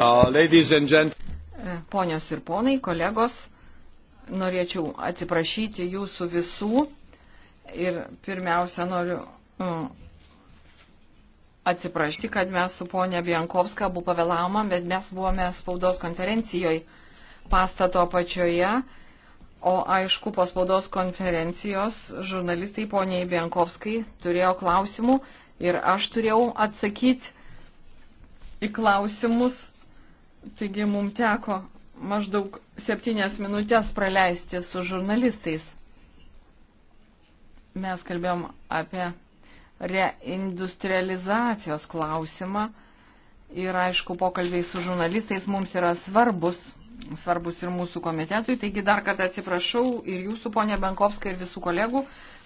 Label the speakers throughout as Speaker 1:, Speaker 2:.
Speaker 1: Uh, e, ponios ir ponai, kolegos, norėčiau atsiprašyti jūsų visų ir pirmiausia noriu mm, atsiprašyti, kad mes su ponia Biankovska abu pavėlavome, bet mes buvome spaudos konferencijoje pastato apačioje. O aišku, po spaudos konferencijos žurnalistai poniai Bienkovskai turėjo klausimų, ir aš turėjau atsakyti į klausimus, taigi mums teko maždaug septynias minutės praleisti su žurnalistais. Mes kalbėjom apie reindustrializacijos klausimą ir aišku, pokalbiai su žurnalistais mums yra svarbus, svarbus ir mūsų komitetui. Taigi dar kartą atsiprašau ir jūsų, ponė Benkovska, ir visų kolegų.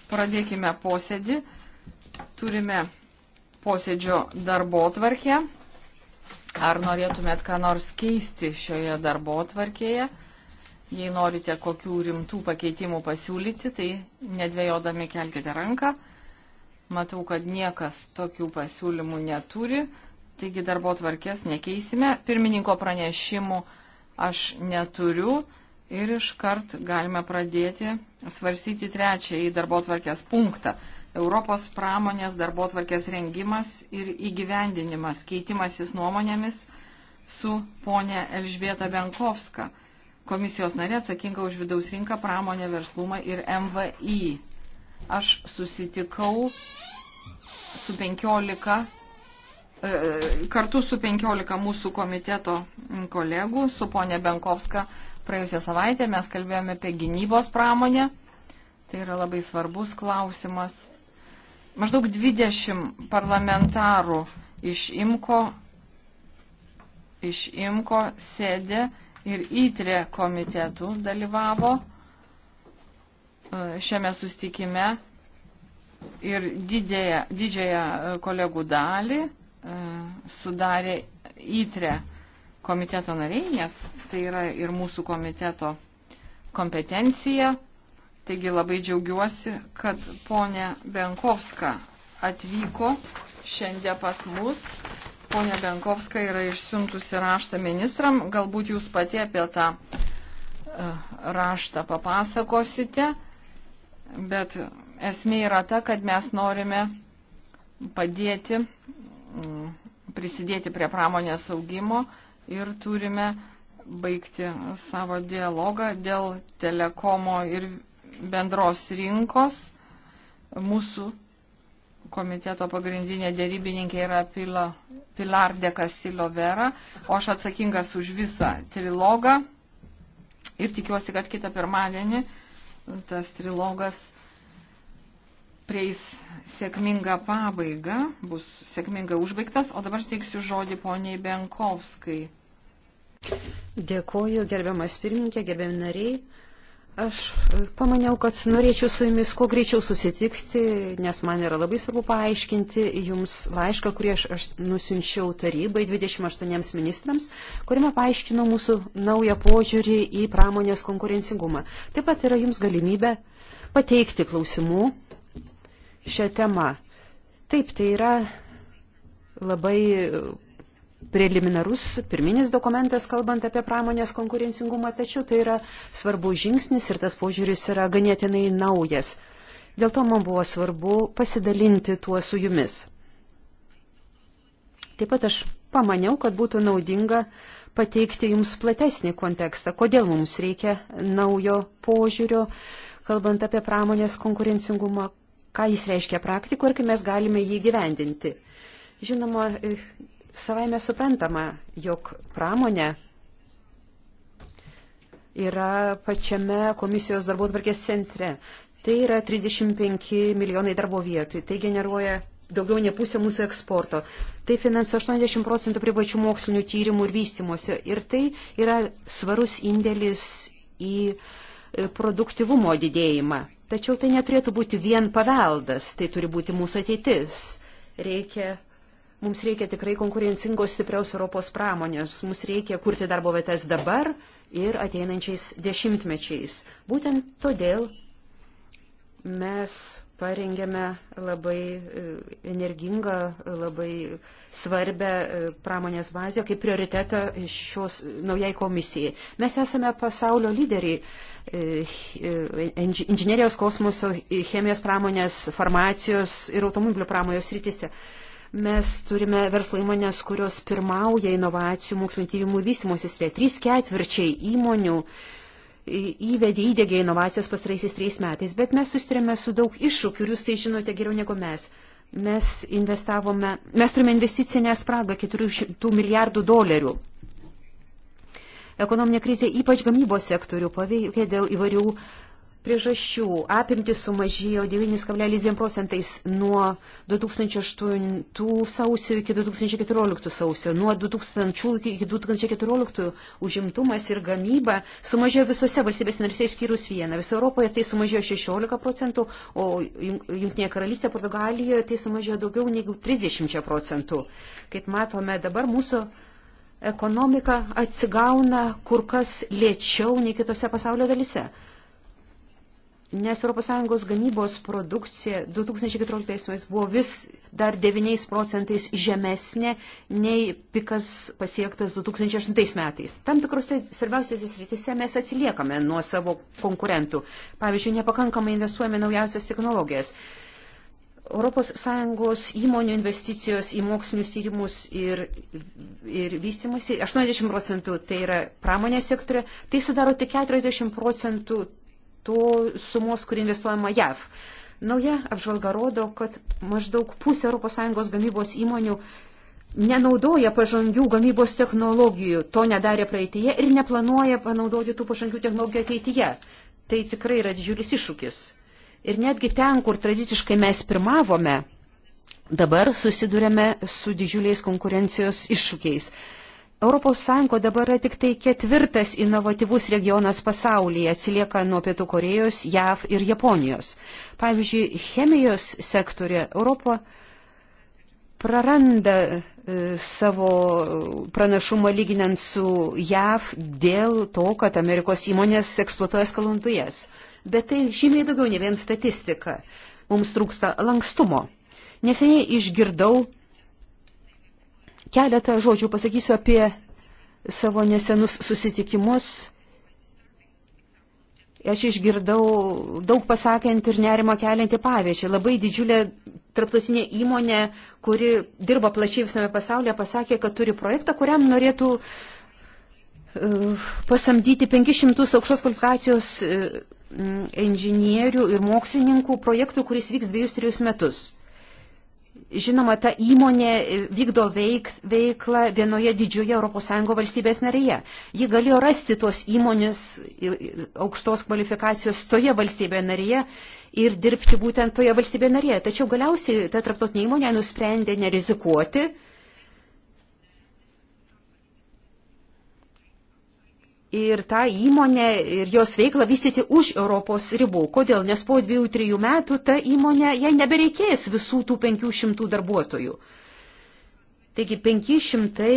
Speaker 1: Pradėkime posėdį. Turime posėdžio darbo tvarkę. Ar norėtumėt ką nors keisti šioje darbo tvarkėje? Jei norite kokių rimtų pakeitimų pasiūlyti, tai nedvėjodami kelkite ranką. Matau, kad niekas tokių pasiūlymų neturi, taigi darbo tvarkės nekeisime. Pirmininko pranešimų aš neturiu ir iškart galime pradėti svarstyti trečiąjį darbo tvarkės punktą. Europos pramonės darbo tvarkės rengimas ir įgyvendinimas, keitimasis nuomonėmis su ponė Elžbieta Benkovska, komisijos narė atsakinga už vidaus rinką, pramonę, verslumą ir MVI. Aš susitikau su 15, e, kartu su 15 mūsų komiteto kolegų, su ponė Benkovska praėjusią savaitę mes kalbėjome apie gynybos pramonę. Tai yra labai svarbus klausimas Maždaug 20 parlamentarų iš Imko, iš Imko sėdė ir įtrė komitetų dalyvavo e, šiame sustikime ir didėja, didžiąją e, kolegų dalį e, sudarė įtrė komiteto nariai, nes tai yra ir mūsų komiteto kompetencija. Taigi labai džiaugiuosi, kad ponė Benkovska atvyko šiandien pas mus. Pone Benkovska yra išsiuntusi raštą ministram. Galbūt jūs pati apie tą e, raštą papasakosite, bet esmė yra ta, kad mes norime padėti, mm, prisidėti prie pramonės augimo ir turime baigti savo dialogą dėl telekomo ir bendros rinkos. Mūsų komiteto pagrindinė dėrybininkė yra Pila, Pilar de Castillo Vera, o aš atsakingas už visą trilogą ir tikiuosi, kad kitą pirmadienį tas trilogas prieis sėkmingą pabaigą, bus sėkmingai užbaigtas, o dabar teiksiu žodį poniai Benkovskai.
Speaker 2: Dėkoju, gerbiamas pirmininkė, gerbiami nariai. Aš e, pamaniau, kad norėčiau su jumis kuo greičiau susitikti, nes man yra labai svarbu paaiškinti jums laišką, kurį aš, aš nusinčiau tarybai 28 ministrams, kuriame paaiškinau mūsų naują požiūrį į pramonės konkurencingumą. Taip pat yra jums galimybė pateikti klausimų šią temą. Taip, tai yra labai preliminarus pirminis dokumentas, kalbant apie pramonės konkurencingumą, tačiau tai yra svarbu žingsnis ir tas požiūris yra ganėtinai naujas. Dėl to man buvo svarbu pasidalinti tuo su jumis. Taip pat aš pamaniau, kad būtų naudinga pateikti jums platesnį kontekstą, kodėl mums reikia naujo požiūrio, kalbant apie pramonės konkurencingumą, ką jis reiškia praktikoje ir kaip mes galime jį gyvendinti. Žinoma, Savaime suprantama, jog pramonė yra pačiame komisijos darbo tvarkės centre. Tai yra 35 milijonai darbo vietų. Tai generuoja daugiau ne pusė mūsų eksporto. Tai finansuoja 80 procentų privačių mokslinių tyrimų ir vystimuose. Ir tai yra svarus indėlis į e, produktivumo didėjimą. Tačiau tai neturėtų būti vien paveldas, tai turi būti mūsų ateitis. Reikia Mums reikia tikrai konkurencingos stipriaus Europos pramonės, mums reikia kurti darbo vietas dabar ir ateinančiais dešimtmečiais. Būtent todėl mes parengėme labai e, energingą, labai svarbę e, pramonės bazę kaip prioritetą šios e, naujai komisijai. Mes esame pasaulio lyderiai inžinierijos kosmoso, chemijos pramonės, farmacijos ir automobilių pramonės rytise. Mes turime verslo įmonės, kurios pirmauja inovacijų mokslinio tyrimų vystymo sistė. Trys ketvirčiai įmonių įvedė, įdėgė inovacijas pastaraisiais trejais metais, bet mes sustarėme su daug iššūkių ir jūs tai žinote geriau negu mes. Mes investavome, mes turime investicinę spragą 400 milijardų dolerių. Ekonominė krizė ypač gamybos sektorių paveikė dėl įvairių priežasčių. Apimtis sumažėjo 9,2 procentais nuo 2008 sausio iki 2014 sausio. Nuo 2000 iki 2014 užimtumas ir gamyba sumažėjo visose valstybės narėse išskyrus vieną. Viso Europoje tai sumažėjo 16 procentų, o Junktinėje karalystėje, Portugalijoje tai sumažėjo daugiau negu 30 procentų. Kaip matome, dabar mūsų ekonomika atsigauna kur kas lėčiau nei kitose pasaulio dalise nes ES gamybos produkcija 2014 buvo vis dar 9 procentais žemesnė nei pikas pasiektas 2008 metais. Tam tikrose svarbiausiose srityse mes atsiliekame nuo savo konkurentų. Pavyzdžiui, nepakankamai investuojame naujausias technologijas. ES įmonių investicijos į mokslinius tyrimus ir, ir vystimasi 80 procentų tai yra pramonės sektorė, tai sudaro tik 40 procentų to sumos, kurį investuojama JAV. Nauja apžvalga rodo, kad maždaug pusė ES gamybos įmonių nenaudoja pažangių gamybos technologijų, to nedarė praeitie ir neplanuoja panaudoti tų pažangių technologijų ateityje. Tai tikrai yra didžiulis iššūkis. Ir netgi ten, kur tradiciškai mes pirmavome, dabar susidurėme su didžiuliais konkurencijos iššūkiais. Europos Sąjunga dabar yra tik tai ketvirtas inovatyvus regionas pasaulyje, atsilieka nuo Pietų Korejos, JAV ir Japonijos. Pavyzdžiui, chemijos sektorė Europo praranda e, savo pranašumą lyginant su JAV dėl to, kad Amerikos įmonės eksploatuoja skaluntujas. Bet tai žymiai daugiau ne vien statistika. Mums trūksta lankstumo. Neseniai išgirdau Keletą žodžių pasakysiu apie savo nesenus susitikimus. Aš išgirdau daug pasakant ir nerimo keliantį pavyzdžių. Labai didžiulė tarptautinė įmonė, kuri dirba plačiai visame pasaulyje, pasakė, kad turi projektą, kuriam norėtų uh, pasamdyti 500 aukštos kvalifikacijos uh, inžinierių ir mokslininkų projektų, kuris vyks dviejus trijus metus. Žinoma, ta įmonė vykdo veik, veiklą vienoje didžioje ES valstybės narėje. Ji galėjo rasti tos įmonės aukštos kvalifikacijos toje valstybėje narėje ir dirbti būtent toje valstybėje narėje. Tačiau galiausiai ta tarptautinė įmonė nusprendė nerizikuoti ir tą įmonę ir jos veiklą vystyti už Europos ribų. Kodėl? Nes po dviejų, trijų metų ta įmonė, jai nebereikės visų tų 500 darbuotojų. Taigi 500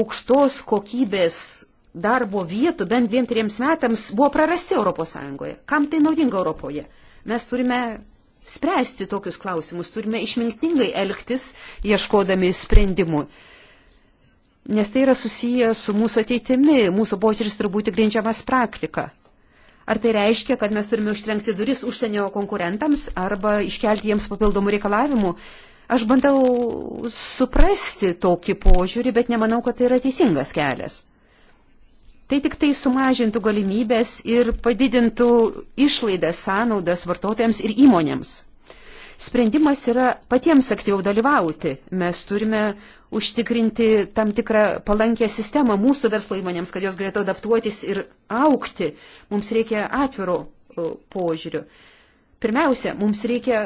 Speaker 2: aukštos kokybės darbo vietų bent dviem, triems metams buvo prarasti Europos Sąjungoje. Kam tai naudinga Europoje? Mes turime spręsti tokius klausimus, turime išmintingai elgtis, ieškodami sprendimų nes tai yra susiję su mūsų ateitimi, mūsų požiūris turi būti grindžiamas praktika. Ar tai reiškia, kad mes turime užtrenkti duris užsienio konkurentams arba iškelti jiems papildomų reikalavimų? Aš bandau suprasti tokį požiūrį, bet nemanau, kad tai yra teisingas kelias. Tai tik tai sumažintų galimybės ir padidintų išlaidas, sąnaudas vartotojams ir įmonėms. Sprendimas yra patiems aktyviau dalyvauti. Mes turime užtikrinti tam tikrą palankę sistemą mūsų verslo įmonėms, kad jos galėtų adaptuotis ir aukti. Mums reikia atviro požiūrių. Pirmiausia, mums reikia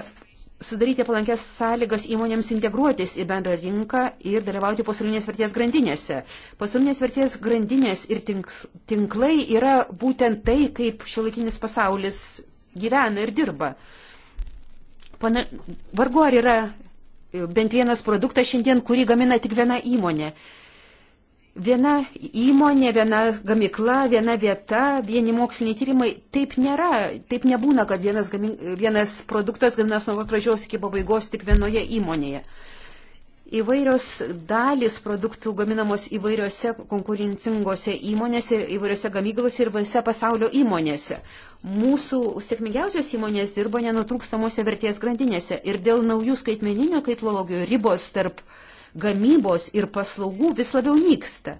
Speaker 2: sudaryti palankės sąlygas įmonėms integruotis į bendrą rinką ir dalyvauti pasaulinės vertės grandinėse. Pasaulinės vertės grandinės ir tinklai yra būtent tai, kaip šiuolaikinis pasaulis gyvena ir dirba. Pana, vargu ar yra bent vienas produktas šiandien, kurį gamina tik viena įmonė. Viena įmonė, viena gamikla, viena vieta, vieni moksliniai tyrimai, taip nėra, taip nebūna, kad vienas, gamin, vienas produktas gaminas nuo pradžios iki pabaigos tik vienoje įmonėje. Uh, Įvairios dalis produktų gaminamos įvairiose konkurencingose įmonėse, įvairiose gamyklose ir visose pasaulio įmonėse. Mūsų sėkmingiausios įmonės dirba nenutrūkstamose vertės grandinėse ir dėl naujų skaitmeninių kaitlologijų ribos tarp gamybos ir paslaugų vis labiau nyksta.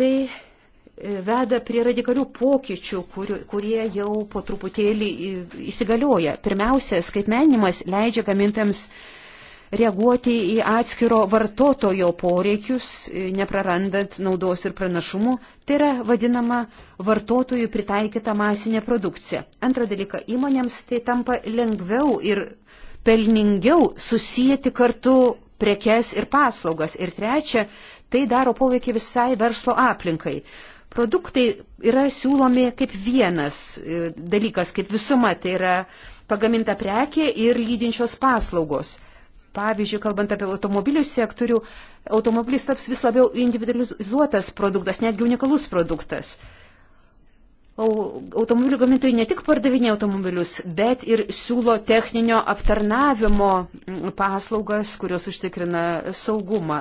Speaker 2: Tai e, veda prie radikalių pokyčių, kur, kurie jau po truputėlį įsigalioja. Pirmiausia, skaitmenimas leidžia gamintams reaguoti į atskiro vartotojo poreikius, e, neprarandant naudos ir pranašumų, tai yra vadinama vartotojų pritaikyta masinė produkcija. Antrą dalyką, įmonėms tai tampa lengviau ir pelningiau susijęti kartu prekes ir paslaugas. Ir trečia, tai daro poveikį visai verslo aplinkai. Produktai yra siūlomi kaip vienas e, dalykas, kaip visuma, tai yra pagaminta prekė ir lydinčios paslaugos. Pavyzdžiui, kalbant apie automobilių sektorių, automobilis taps vis labiau individualizuotas produktas, netgi unikalus produktas. Automobilių gamintojai ne tik pardavinė automobilius, bet ir siūlo techninio aptarnavimo paslaugas, kurios užtikrina saugumą.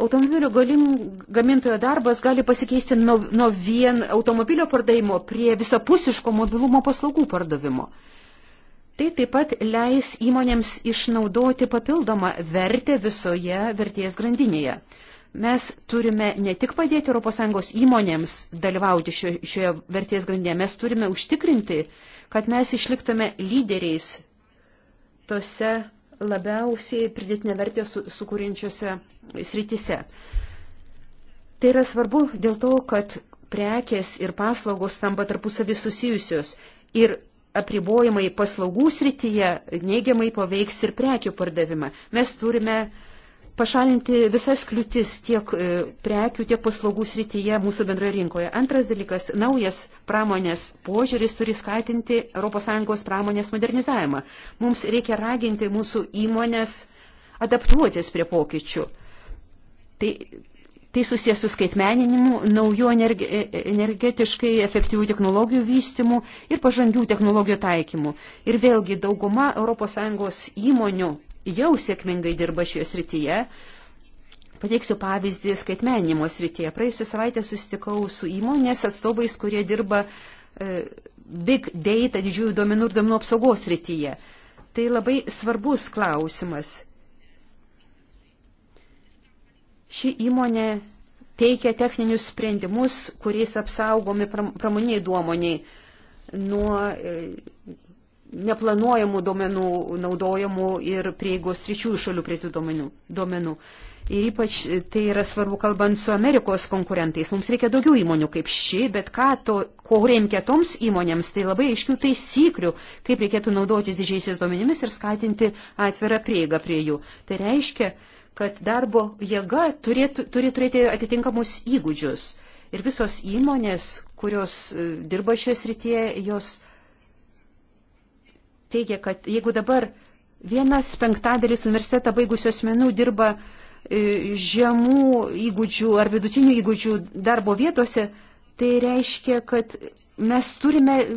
Speaker 2: Automobilių gamintojo darbas gali pasikeisti nuo, nuo vien automobilio pardavimo prie visapusiško mobilumo paslaugų pardavimo. Tai taip pat leis įmonėms išnaudoti papildomą vertę visoje vertės grandinėje. Mes turime ne tik padėti ES įmonėms dalyvauti šio, šioje vertės grandinėje, mes turime užtikrinti, kad mes išliktume lyderiais tose labiausiai pridėtinę vertę su, sukūrinčiose srityse. Tai yra svarbu dėl to, kad prekės ir paslaugos tampa tarpusavį susijusios ir apribojimai paslaugų srityje neigiamai paveiks ir prekių pardavimą. Mes turime pašalinti visas kliūtis tiek e, prekių, tiek paslaugų srityje mūsų bendroje rinkoje. Antras dalykas – naujas pramonės požiūris turi skatinti ES pramonės modernizavimą. Mums reikia raginti mūsų įmonės adaptuotis prie pokyčių. Tai Tai susijęs su skaitmeninimu, naujų energetiškai efektyvių technologijų vystimu ir pažangių technologijų taikymu. Ir vėlgi dauguma ES įmonių jau sėkmingai dirba šioje srityje. Pateiksiu pavyzdį skaitmenimo srityje. Praėjusią savaitę susitikau su įmonės atstovais, kurie dirba e, big data, didžiųjų duomenų ir duomenų apsaugos srityje. Tai labai svarbus klausimas Ši įmonė teikia techninius sprendimus, kuriais apsaugomi pramoniniai duomoniai nuo e, neplanuojamų duomenų naudojamų ir prieigos tričių šalių prie tų duomenų. Ir ypač tai yra svarbu kalbant su Amerikos konkurentais. Mums reikia daugiau įmonių kaip ši, bet ką to, ko reikia toms įmonėms, tai labai aiškių taisyklių, kaip reikėtų naudotis didžiaisiais duomenimis ir skatinti atvirą prieigą prie jų. Tai reiškia, kad darbo jėga turėtų, turi turėti atitinkamus įgūdžius. Ir visos įmonės, kurios e, dirba šioje srityje, jos teigia, kad jeigu dabar vienas penktadėlis universitetą baigusių asmenų dirba e, žemų įgūdžių ar vidutinių įgūdžių darbo vietose, tai reiškia, kad mes turime e,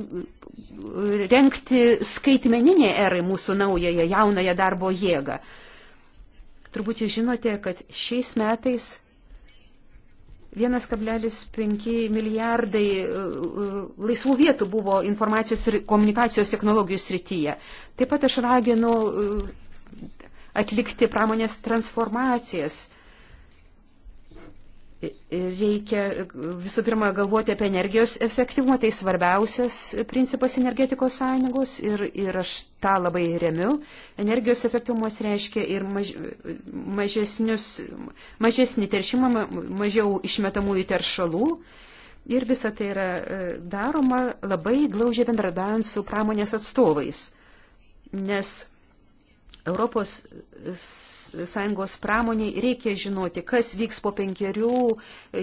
Speaker 2: renkti skaitmeninį erai mūsų naująją jaunąją darbo jėgą. Turbūt jūs žinote, kad šiais metais 1,5 milijardai e, e, laisvų vietų buvo informacijos ir komunikacijos technologijų srityje. Taip pat aš raginu e, atlikti pramonės transformacijas reikia visų pirma galvoti apie energijos efektyvumą, tai svarbiausias principas energetikos sąjungos ir, ir aš tą labai remiu. Energijos efektyvumas reiškia ir maž, mažesnį teršimą, mažiau išmetamųjų teršalų. Ir visa tai yra e, daroma labai glaužiai bendradavant su pramonės atstovais, nes Europos sąjungos pramoniai reikia žinoti, kas vyks po penkerių,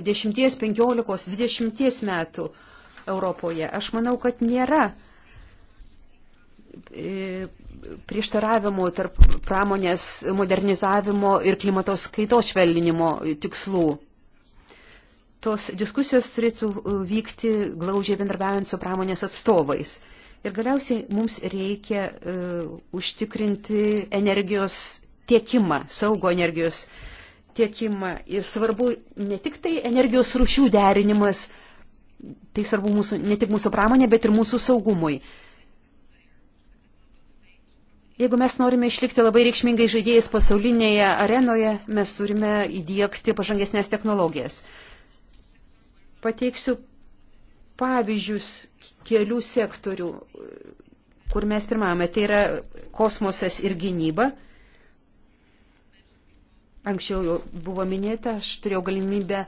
Speaker 2: dešimties, penkiolikos, dvidešimties metų Europoje. Aš manau, kad nėra e, prieštaravimų tarp pramonės modernizavimo ir klimatos kaitos švelninimo tikslų. Tos diskusijos turėtų e, vykti glaudžiai bendrabiaujant su pramonės atstovais. Ir galiausiai mums reikia uh, užtikrinti energijos tiekimą, saugo energijos tiekimą. Ir svarbu ne tik tai energijos rušių derinimas, tai svarbu mūsų, ne tik mūsų pramonė, bet ir mūsų saugumui. Jeigu mes norime išlikti labai reikšmingai žaidėjais pasaulinėje arenoje, mes turime įdėkti pažangesnės technologijas. Pateiksiu pavyzdžius kelių sektorių, kur mes pirmame. Tai yra kosmosas ir gynyba. Anksčiau jau buvo minėta, aš turėjau galimybę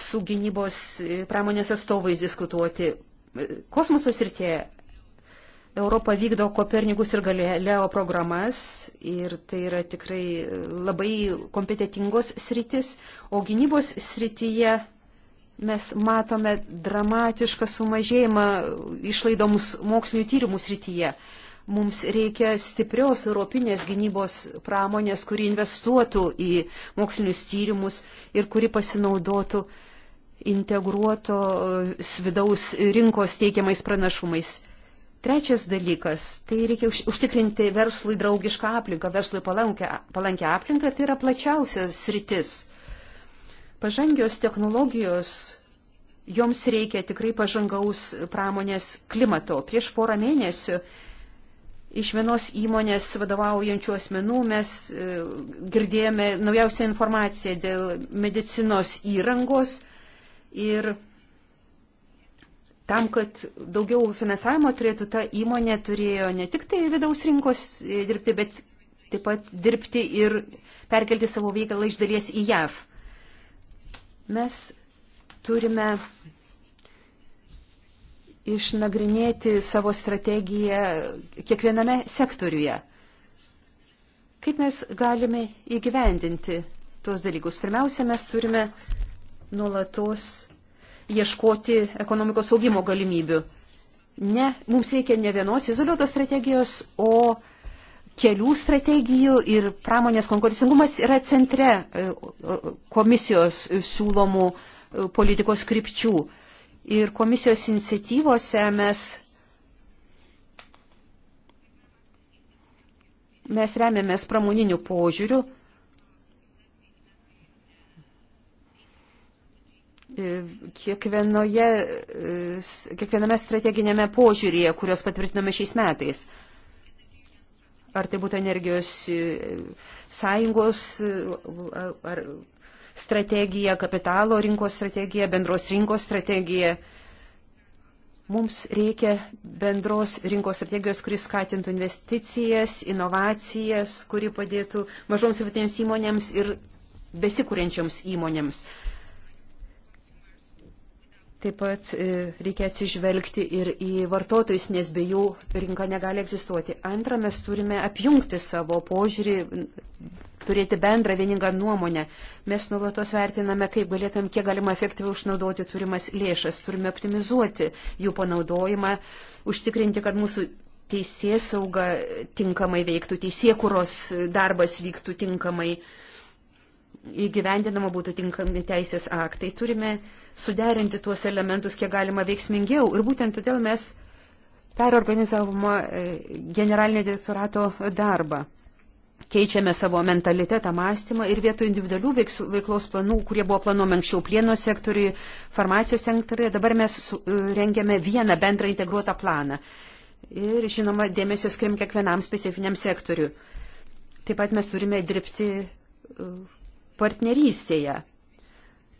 Speaker 2: su gynybos e, pramonės atstovais diskutuoti. E, kosmoso srityje Europa vykdo Kopernikus ir Galileo programas ir tai yra tikrai e, labai kompetitingos sritis, o gynybos srityje mes matome dramatišką sumažėjimą išlaidomus mokslinių tyrimų srityje. Mums reikia stiprios europinės gynybos pramonės, kuri investuotų į mokslinius tyrimus ir kuri pasinaudotų integruoto e, vidaus rinkos teikiamais pranašumais. Trečias dalykas - tai reikia užtikrinti verslui draugišką aplinką, verslui palankę aplinką, tai yra plačiausias sritis. Pažangios technologijos, joms reikia tikrai pažangaus pramonės klimato. Prieš porą mėnesių iš vienos įmonės vadovaujančių asmenų mes e, girdėjome naujausią informaciją dėl medicinos įrangos ir tam, kad daugiau finansavimo turėtų, ta įmonė turėjo ne tik tai vidaus rinkos e, dirbti, bet taip pat dirbti ir perkelti savo veiklą iš dalies į JAV. Mes turime išnagrinėti savo strategiją kiekviename sektoriuje. Kaip mes galime įgyvendinti tuos dalykus? Pirmiausia, mes turime nuolatos ieškoti ekonomikos augimo galimybių. Ne, mums reikia ne vienos izoliuotos strategijos, o kelių strategijų ir pramonės konkurencingumas yra centre e, komisijos siūlomų e, politikos krypčių ir komisijos iniciatyvose mes, mes remiamės pramoninių požiūrių. Kiekvienoje, kiekviename strateginėme požiūrėje, kurios patvirtinome šiais metais ar tai būtų energijos sąjungos, ar strategiją, kapitalo rinkos strategiją, bendros rinkos strategiją. Mums reikia bendros rinkos strategijos, kuris skatintų investicijas, inovacijas, kuri padėtų mažoms ir vidutinėms įmonėms ir besikūrenčioms įmonėms. Taip pat e, reikia atsižvelgti ir į vartotojus, nes be jų rinka negali egzistuoti. Antra, mes turime apjungti savo požiūrį, turėti bendrą vieningą nuomonę. Mes nuolatos vertiname, kaip galėtum, kiek galima efektyviau išnaudoti turimas lėšas. Turime optimizuoti jų panaudojimą, užtikrinti, kad mūsų teisės sauga tinkamai veiktų, teisėkuros darbas vyktų tinkamai. Uh, įgyvendinama būtų tinkami teisės aktai. Turime suderinti tuos elementus kiek galima veiksmingiau ir būtent todėl mes perorganizavome e, generalinio direktorato darbą. Keičiame savo mentalitetą, mąstymą ir vietoj individualių veiklos planų, kurie buvo planuomi anksčiau plieno sektoriui, farmacijos sektoriui, dabar mes e, rengiame vieną bendrą integruotą planą. Ir, žinoma, dėmesio skrim kiekvienam specifiniam sektoriui. Taip pat mes turime dirbti e, partnerystėje.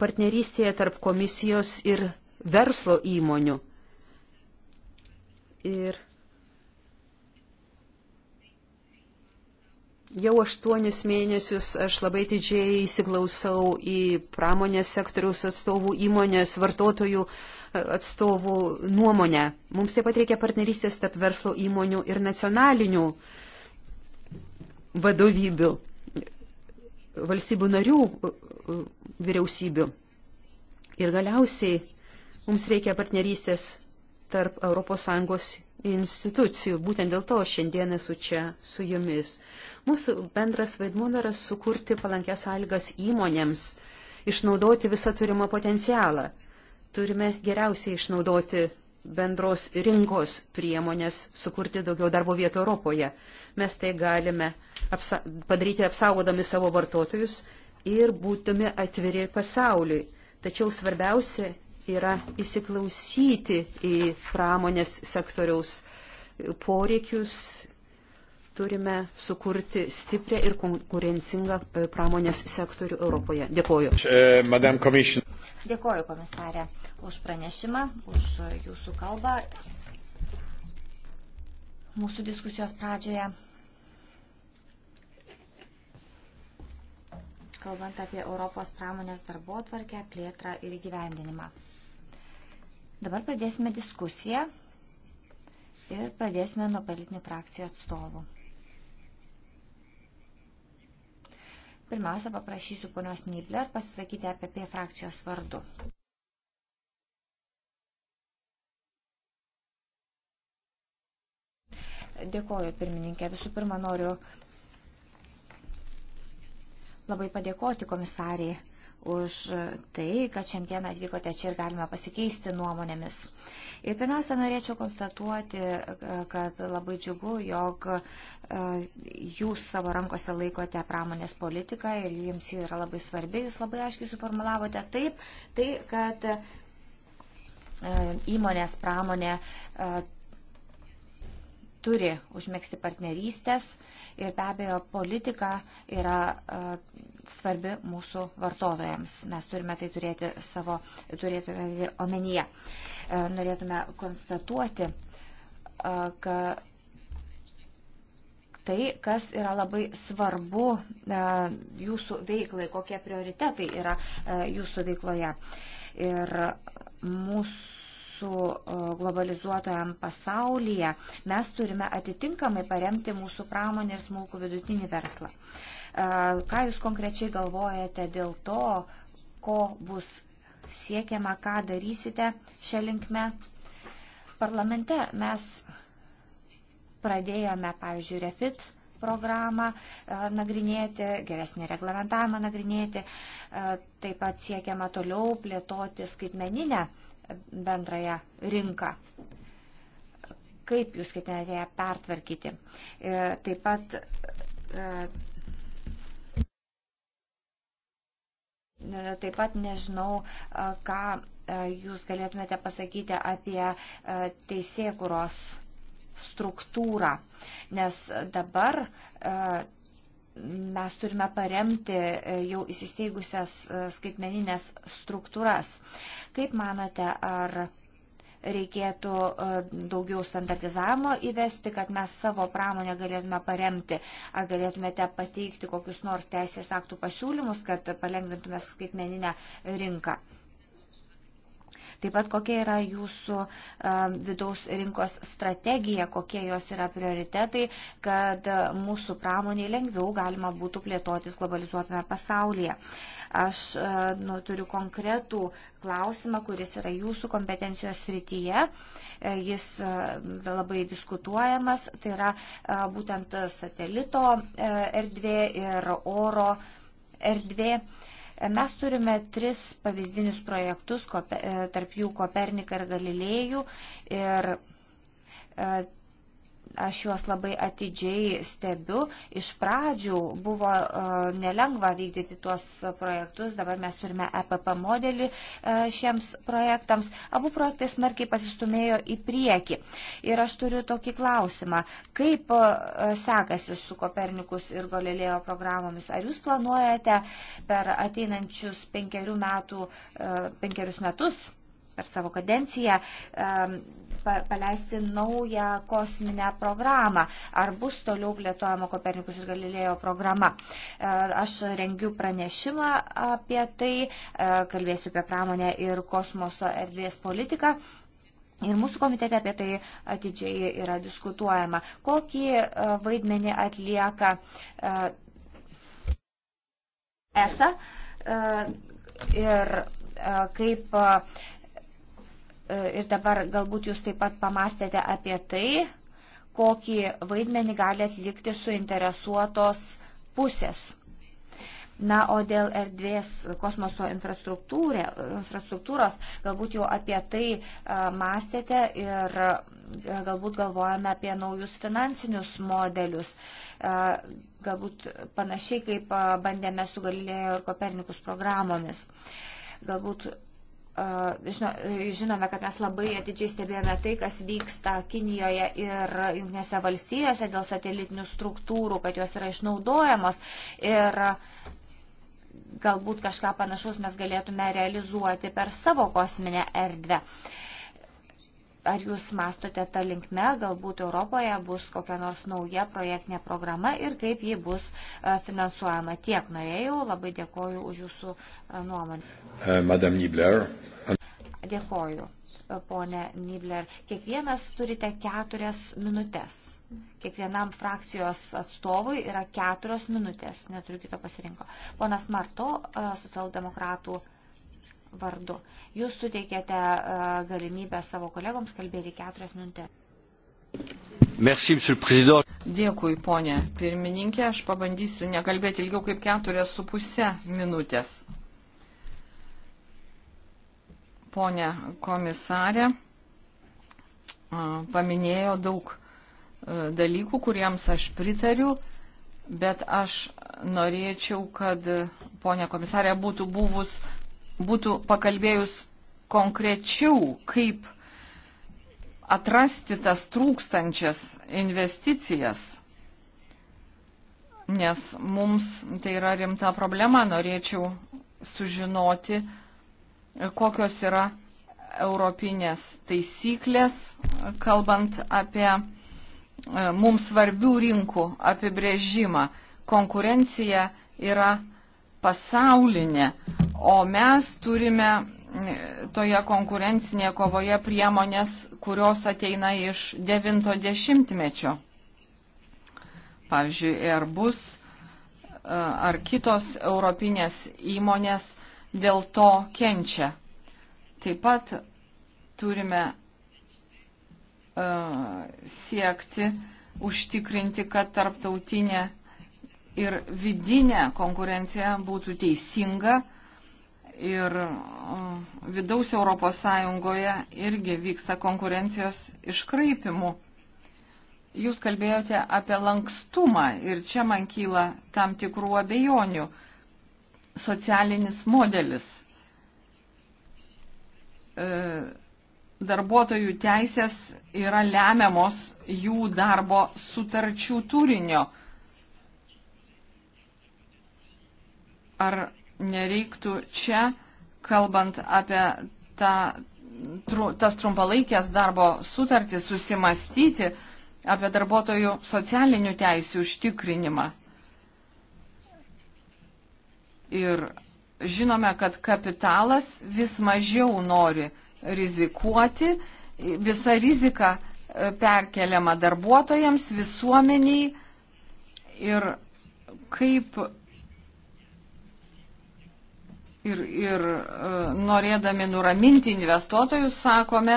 Speaker 2: Partnerystėje tarp komisijos ir verslo įmonių. Ir jau aštuonis mėnesius aš labai didžiai įsiklausau į pramonės sektoriaus atstovų įmonės, vartotojų e, atstovų nuomonę. Mums taip pat reikia partnerystės tarp verslo įmonių ir nacionalinių vadovybių valstybių narių e, e, vyriausybių. Ir galiausiai mums reikia partnerystės tarp ES institucijų. Būtent dėl to šiandien esu čia su jumis. Mūsų bendras vaidmuo yra sukurti palankias sąlygas įmonėms, išnaudoti visą turimą potencialą. Turime geriausiai išnaudoti bendros rinkos priemonės sukurti daugiau darbo vietų Europoje. Mes tai galime apsa padaryti apsaugodami savo vartotojus ir būtume atviri pasauliui. Tačiau svarbiausia yra įsiklausyti į pramonės sektoriaus poreikius. Turime sukurti stiprią ir konkurencingą e, pramonės sektorių Europoje. Dėkuoju. Madam Commission.
Speaker 3: Dėkoju, komisarė, už pranešimą, už jūsų kalbą. Mūsų diskusijos pradžioje, kalbant apie Europos pramonės darbo tvarkę, plėtrą ir įgyvendinimą. Dabar pradėsime diskusiją ir pradėsime nuo politinių frakcijų atstovų. Pirmiausia, paprašysiu ponios Nibler pasisakyti apie P frakcijos vardu. Dėkoju, pirmininkė. Visų pirma, noriu labai padėkoti komisariai už tai, kad šiandieną atvykote čia ir galime pasikeisti nuomonėmis. Ir pirmiausia, norėčiau konstatuoti, kad labai džiugu, jog e, jūs savo rankose laikote pramonės politiką ir jums ji yra labai svarbi, jūs labai aiškiai suformulavote taip, tai, kad e, įmonės pramonė e, turi užmėgsti partnerystės ir be abejo politika yra e, svarbi mūsų vartotojams. Mes turime tai turėti savo, turėtume omenyje. E, norėtume konstatuoti, e, kad tai, kas yra labai svarbu jūsų veiklai, kokie prioritetai yra jūsų veikloje. Ir mūsų mūsų globalizuotojam pasaulyje, mes turime atitinkamai paremti mūsų pramonę ir smulkų vidutinį verslą. Ką Jūs konkrečiai galvojate dėl to, ko bus siekiama, ką darysite šią linkmę? Parlamente mes pradėjome, pavyzdžiui, refit programą nagrinėti, geresnį reglamentavimą nagrinėti. Taip pat siekiama toliau plėtoti skaitmeninę bendrąją rinką. Kaip jūs ketinate ją pertvarkyti? E, taip pat e, Taip pat nežinau, e, ką jūs galėtumėte pasakyti apie teisėkuros struktūrą, nes dabar mes turime paremti e, jau įsisteigusias e, skaitmeninės struktūras. Kaip manote, ar reikėtų e, daugiau standartizavimo įvesti, kad mes savo pramonę galėtume paremti? Ar galėtumėte pateikti kokius nors teisės aktų pasiūlymus, kad palengvintume skaitmeninę rinką? Taip pat kokia yra jūsų vidaus rinkos strategija, kokie jos yra prioritetai, kad mūsų pramoniai lengviau galima būtų plėtotis globalizuotame pasaulyje. Aš nu, turiu konkretų klausimą, kuris yra jūsų kompetencijos srityje. E, jis labai diskutuojamas, tai yra būtent satelito e, erdvė ir oro erdvė. E, mes turime tris pavyzdinius projektus, e, tarp jų Koperniką ir Galilėjų. Ir e, aš juos labai atidžiai stebiu. Iš pradžių buvo e, nelengva vykdyti tuos projektus, dabar mes turime EPP modelį e, šiems projektams. Abu projektai smarkiai pasistumėjo į priekį. Ir aš turiu tokį klausimą. Kaip e, sekasi su Kopernikus ir Galilėjo programomis? Ar jūs planuojate per ateinančius penkerių metų, penkerius metus per savo kadenciją paleisti naują kosminę programą. Ar bus toliau plėtojama Kopernikus ir Galilėjo programa? E, aš rengiu pranešimą apie tai, e, kalbėsiu apie pramonę ir kosmoso erdvės politiką. Ir mūsų komitete apie tai atidžiai yra diskutuojama. Kokį e, vaidmenį atlieka ESA ir kaip E, ir dabar galbūt jūs taip pat pamastėte apie tai, kokį vaidmenį gali atlikti suinteresuotos pusės. Na, o dėl erdvės kosmoso infrastruktūros, galbūt jau apie tai e, mąstėte ir e, galbūt galvojame apie naujus finansinius modelius. Galbūt panašiai kaip bandėme su Galilėjo ir Kopernikus programomis. Galbūt Uh, žinome, kad mes labai atidžiai stebėjome tai, kas vyksta Kinijoje ir Junknėse valstijose dėl satelitinių struktūrų, kad jos yra išnaudojamos ir galbūt kažką panašaus mes galėtume realizuoti per savo kosminę erdvę. Uh, ar jūs mastote tą linkme, galbūt Europoje bus kokia nors nauja projektinė programa ir kaip ji bus e, finansuojama. Tiek norėjau, labai dėkoju už jūsų e, nuomonę. E, Madame Nibler. Dėkoju, ponė Nibler. Kiekvienas turite keturias minutės. Kiekvienam frakcijos atstovui yra keturios minutės, neturiu kito pasirinko. Ponas Marto, socialdemokratų vardu. Jūs suteikėte e, galimybę savo kolegoms kalbėti keturias minutės.
Speaker 1: Merci, Dėkui, ponė pirmininkė. Aš pabandysiu nekalbėti ilgiau kaip keturias su pusę minutės. Pone komisarė paminėjo daug e, dalykų, kuriems aš pritariu, bet aš norėčiau, kad e, ponė komisarė būtų buvus būtų pakalbėjus konkrečiau, kaip atrasti tas trūkstančias investicijas, nes mums tai yra rimta problema, norėčiau sužinoti, kokios yra europinės taisyklės, kalbant apie e, mums svarbių rinkų apibrėžimą. Konkurencija yra pasaulinė, o mes turime toje konkurencinėje kovoje priemonės, kurios ateina iš 90-mečio. Pavyzdžiui, Airbus e, ar kitos europinės įmonės dėl to kenčia. Taip pat turime e, siekti užtikrinti, kad tarptautinė ir vidinė konkurencija būtų teisinga ir vidaus Europos Sąjungoje irgi vyksta konkurencijos iškraipimų. Jūs kalbėjote apie lankstumą ir čia man kyla tam tikrų abejonių. Socialinis modelis, e, darbuotojų teisės yra lemiamos jų darbo sutarčių turinio ar nereiktų čia, kalbant apie tą, tru, tas trumpalaikės darbo sutartį, susimastyti apie darbuotojų socialinių teisių užtikrinimą. Ir žinome, kad kapitalas vis mažiau nori rizikuoti, visa rizika e, perkeliama darbuotojams, visuomeniai ir kaip ir, ir e, norėdami nuraminti investuotojus sakome,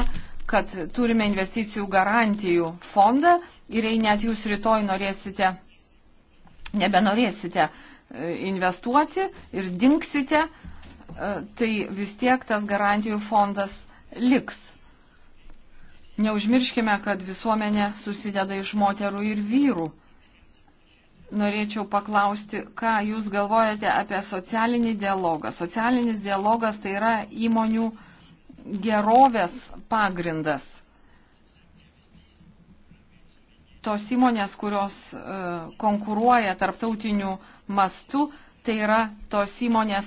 Speaker 1: kad turime investicijų garantijų fondą ir jei net jūs rytoj norėsite, nebenorėsite e, investuoti ir dinksite, e, tai vis tiek tas garantijų fondas liks. Neužmirškime, kad visuomenė susideda iš moterų ir vyrų norėčiau paklausti, ką Jūs galvojate apie socialinį dialogą. Socialinis dialogas tai yra įmonių gerovės pagrindas. Tos įmonės, kurios e, konkuruoja tarptautiniu mastu, tai yra tos įmonės,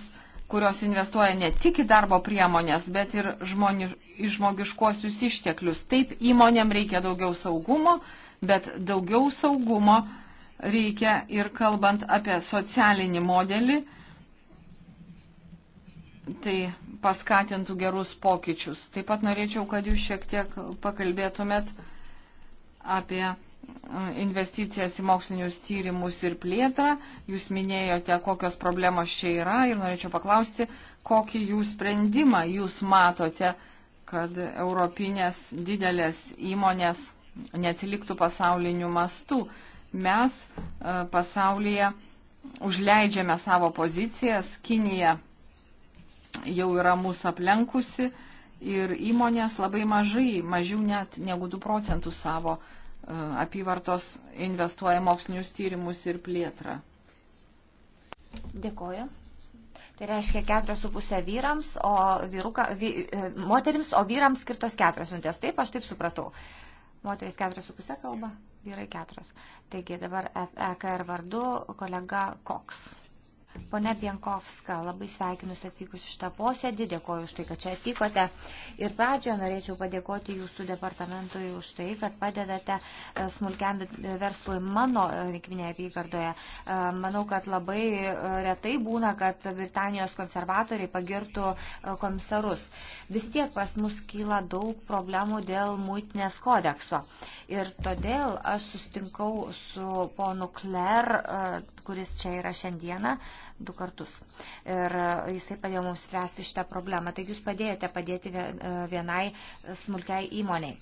Speaker 1: kurios investuoja ne tik į darbo priemonės, bet ir žmoni, į žmogiškuosius išteklius. Taip įmonėm reikia daugiau saugumo, bet daugiau saugumo uh, reikia ir kalbant apie socialinį modelį, tai paskatintų gerus pokyčius. Taip pat norėčiau, kad jūs šiek tiek pakalbėtumėt apie e, investicijas į mokslinius tyrimus ir plėtrą. Jūs minėjote, kokios problemos čia yra ir norėčiau paklausti, kokį jų sprendimą jūs matote, kad europinės didelės įmonės neatsiliktų pasauliniu mastu mes e, pasaulyje užleidžiame savo pozicijas, Kinija jau yra mūsų aplenkusi ir įmonės labai mažai, mažiau net negu 2 procentų savo e, apyvartos investuoja mokslinius tyrimus ir plėtrą.
Speaker 3: Dėkoju. Tai reiškia 4,5 vyrams, o vyruka, vy, e, moterims, o vyrams skirtos 4 minutės. Taip, aš taip supratau. Moteris 4,5 kalba vyrai 4. Taigi dabar FEKR vardu kolega Koks. Pone Pienkovska, labai sveikinus atvykus iš tą posėdį, dėkoju už tai, kad čia atvykote. Ir pradžioje norėčiau padėkoti jūsų departamentui už tai, kad padedate e, smulkiam verslui mano e, rinkminėje apygardoje. E, manau, kad labai retai būna, kad Britanijos konservatoriai pagirtų komisarus. Vis tiek pas mus kyla daug problemų dėl muitinės kodekso. Ir todėl aš sustinkau su ponu Kler kuris čia yra šiandieną du kartus. Ir jisai padėjo mums spręsti šitą problemą. Taigi jūs padėjote padėti e, vienai smulkiai įmoniai.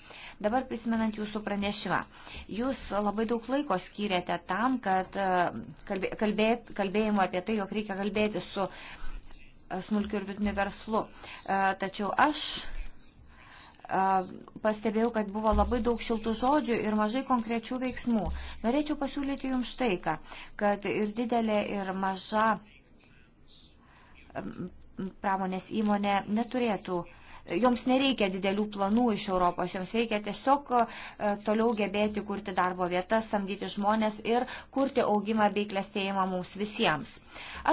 Speaker 3: Dabar prisimenant jūsų pranešimą. Jūs labai daug laiko skiriate tam, kad e, kalbėt, kalbėjimo apie tai, jog reikia kalbėti su e, smulkiu ir vidiniu verslu. Tačiau aš pastebėjau, kad buvo labai daug šiltų žodžių ir mažai konkrečių veiksmų. Norėčiau pasiūlyti jums štai ką, kad ir didelė, ir maža pramonės įmonė neturėtų joms nereikia didelių planų iš Europos, joms reikia tiesiog e, toliau gebėti kurti darbo vietas, samdyti žmonės ir kurti augimą bei klėstėjimą mums visiems.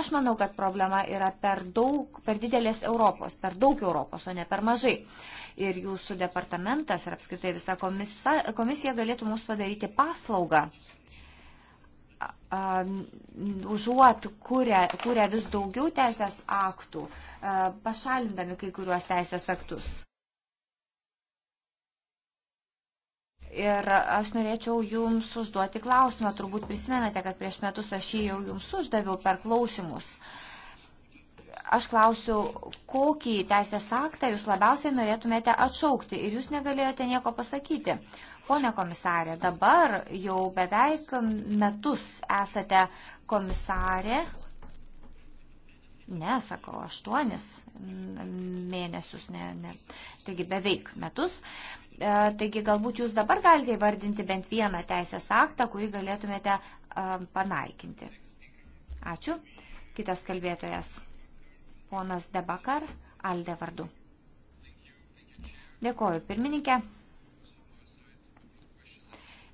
Speaker 3: Aš manau, kad problema yra per daug, per didelės Europos, per daug Europos, o ne per mažai. Ir jūsų departamentas ir apskritai visa komisa, komisija galėtų mums padaryti paslaugą užuot kūrę vis daugiau teisės aktų, pašalindami kai kuriuos teisės aktus. Ir aš norėčiau Jums užduoti klausimą. Turbūt prisimenate, kad prieš metus aš jį jau Jums uždaviau per klausimus. Aš klausiu, kokį teisės aktą Jūs labiausiai norėtumėte atšaukti ir Jūs negalėjote nieko pasakyti. Uh, Pone komisarė, dabar jau beveik metus esate komisarė. Ne, sakau, aštuonis mėnesius, ne, ne. Taigi beveik metus. E, taigi galbūt jūs dabar galite įvardinti bent vieną teisės aktą, kurį galėtumėte e, panaikinti. Ačiū. Kitas kalbėtojas. Ponas Debakar, Alde vardu. Dėkoju, pirmininkė.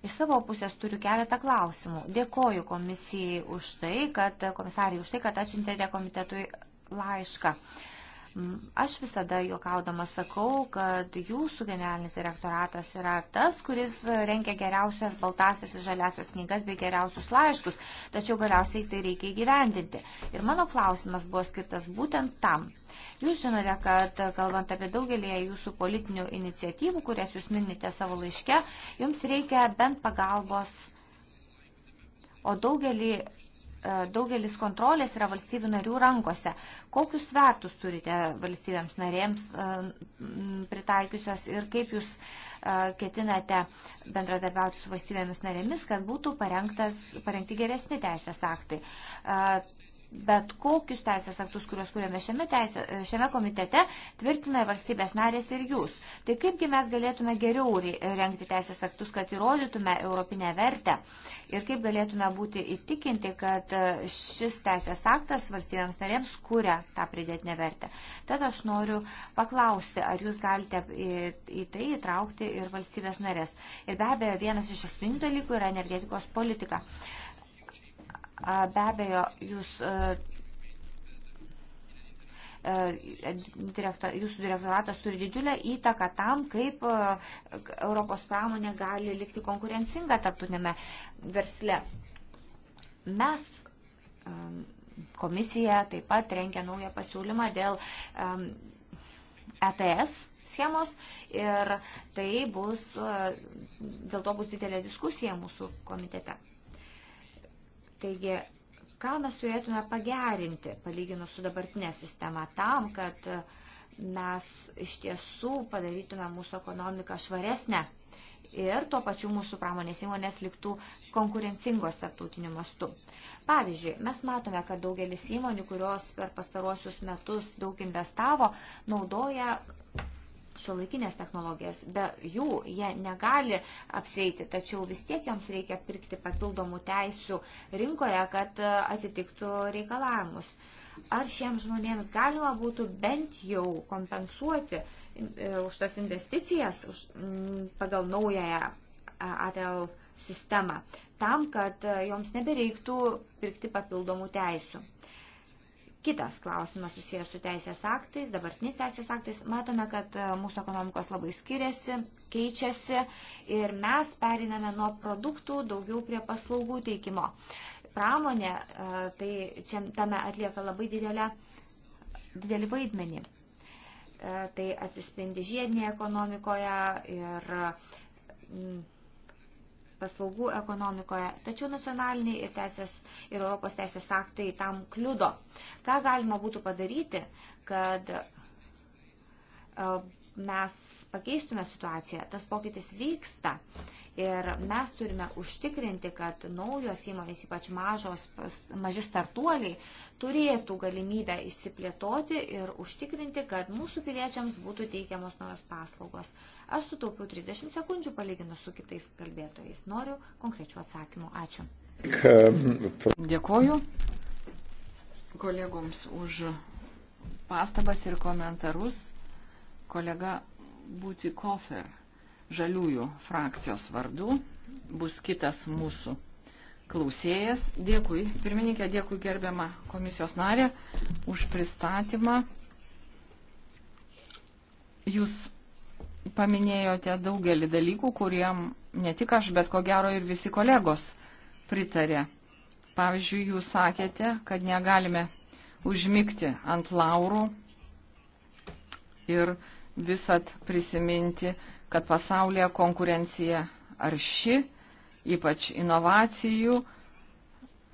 Speaker 3: Iš savo pusės turiu keletą klausimų. Dėkoju komisijai už tai, kad komisarijai už tai, kad atsiuntėte komitetui laišką. Uh, Mm, aš visada juokaudama sakau, kad jūsų generalinis direktoratas yra tas, kuris renkia geriausias baltasias ir žaliasias knygas bei geriausius laiškus, tačiau galiausiai tai reikia įgyvendinti. Ir mano klausimas buvo skirtas būtent tam. Jūs žinote, kad kalbant apie daugelį jūsų politinių iniciatyvų, kurias jūs minite savo laiške, jums reikia bent pagalbos, o daugelį E, daugelis kontrolės yra valstybių narių rankose. Kokius svertus turite valstybėms narėms e, pritaikiusios ir kaip jūs e, ketinate bendradarbiauti su valstybėmis narėmis, kad būtų parengtas, parengti geresni teisės aktai bet kokius teisės aktus, kuriuos kuriame šiame, teisė, šiame komitete, tvirtina ir valstybės narės ir jūs. Tai kaipgi mes galėtume geriau rengti teisės aktus, kad įrodytume europinę vertę ir kaip galėtume būti įtikinti, kad e, šis teisės aktas valstybėms narėms kuria tą pridėtinę vertę. Tad aš noriu paklausti, ar jūs galite į, į tai įtraukti ir valstybės narės. Ir be abejo, vienas iš esminių dalykų yra energetikos politika. Uh, Be abejo, jūs e, e, direktor, jūsų direktoratas turi didžiulę įtaką tam, kaip e, Europos pramonė gali likti konkurencinga tarptautinėme versle. Mes komisija taip pat renkia naują pasiūlymą dėl ETS schemos ir tai bus, dėl to bus didelė diskusija mūsų komitete. Taigi, ką mes turėtume pagerinti, palyginus su dabartinė sistema, tam, kad e, mes iš tiesų padarytume mūsų ekonomiką švaresnę ir tuo pačiu mūsų pramonės įmonės liktų konkurencingos tarptautiniu mastu. Pavyzdžiui, mes matome, kad daugelis įmonių, kurios per pastaruosius metus daug investavo, naudoja šiuolaikinės technologijas. Be jų jie negali apseiti, tačiau vis tiek joms reikia pirkti papildomų teisių rinkoje, kad e, atitiktų reikalavimus. Ar šiems žmonėms galima būtų bent jau kompensuoti e, už tas investicijas už, m, pagal naująją e, ATL sistemą, tam, kad joms nebereiktų pirkti papildomų teisių. Kitas klausimas susijęs su teisės aktais, dabartinis teisės aktais. Matome, kad e, mūsų ekonomikos labai skiriasi, keičiasi ir mes periname nuo produktų daugiau prie paslaugų teikimo. Pramonė e, tai čia tame atlieka labai didelę, didelį vaidmenį. E, tai atsispindi žiedinėje ekonomikoje ir paslaugų ekonomikoje, tačiau nacionaliniai ir, teisės, ir Europos teisės aktai tam kliudo. Ką galima būtų padaryti, kad e, mes pakeistume situaciją? Tas pokytis vyksta Ir mes turime užtikrinti, kad naujos įmonės, ypač mažos, maži startuoliai, turėtų galimybę išsiplėtoti ir užtikrinti, kad mūsų piliečiams būtų teikiamos naujos paslaugos. Aš sutaupiu 30 sekundžių palyginus su kitais kalbėtojais. Noriu konkrečių atsakymų. Ačiū. Dėkoju kolegoms
Speaker 1: už pastabas ir komentarus. Kolega Būti Kofer žaliųjų frakcijos vardu bus kitas mūsų klausėjas. Dėkui, pirmininkė, dėkui gerbiamą komisijos narę už pristatymą. Jūs paminėjote daugelį dalykų, kuriem ne tik aš, bet ko gero ir visi kolegos pritarė. Pavyzdžiui, jūs sakėte, kad negalime užmygti ant laurų ir visat prisiminti kad pasaulyje konkurencija arši, ypač inovacijų,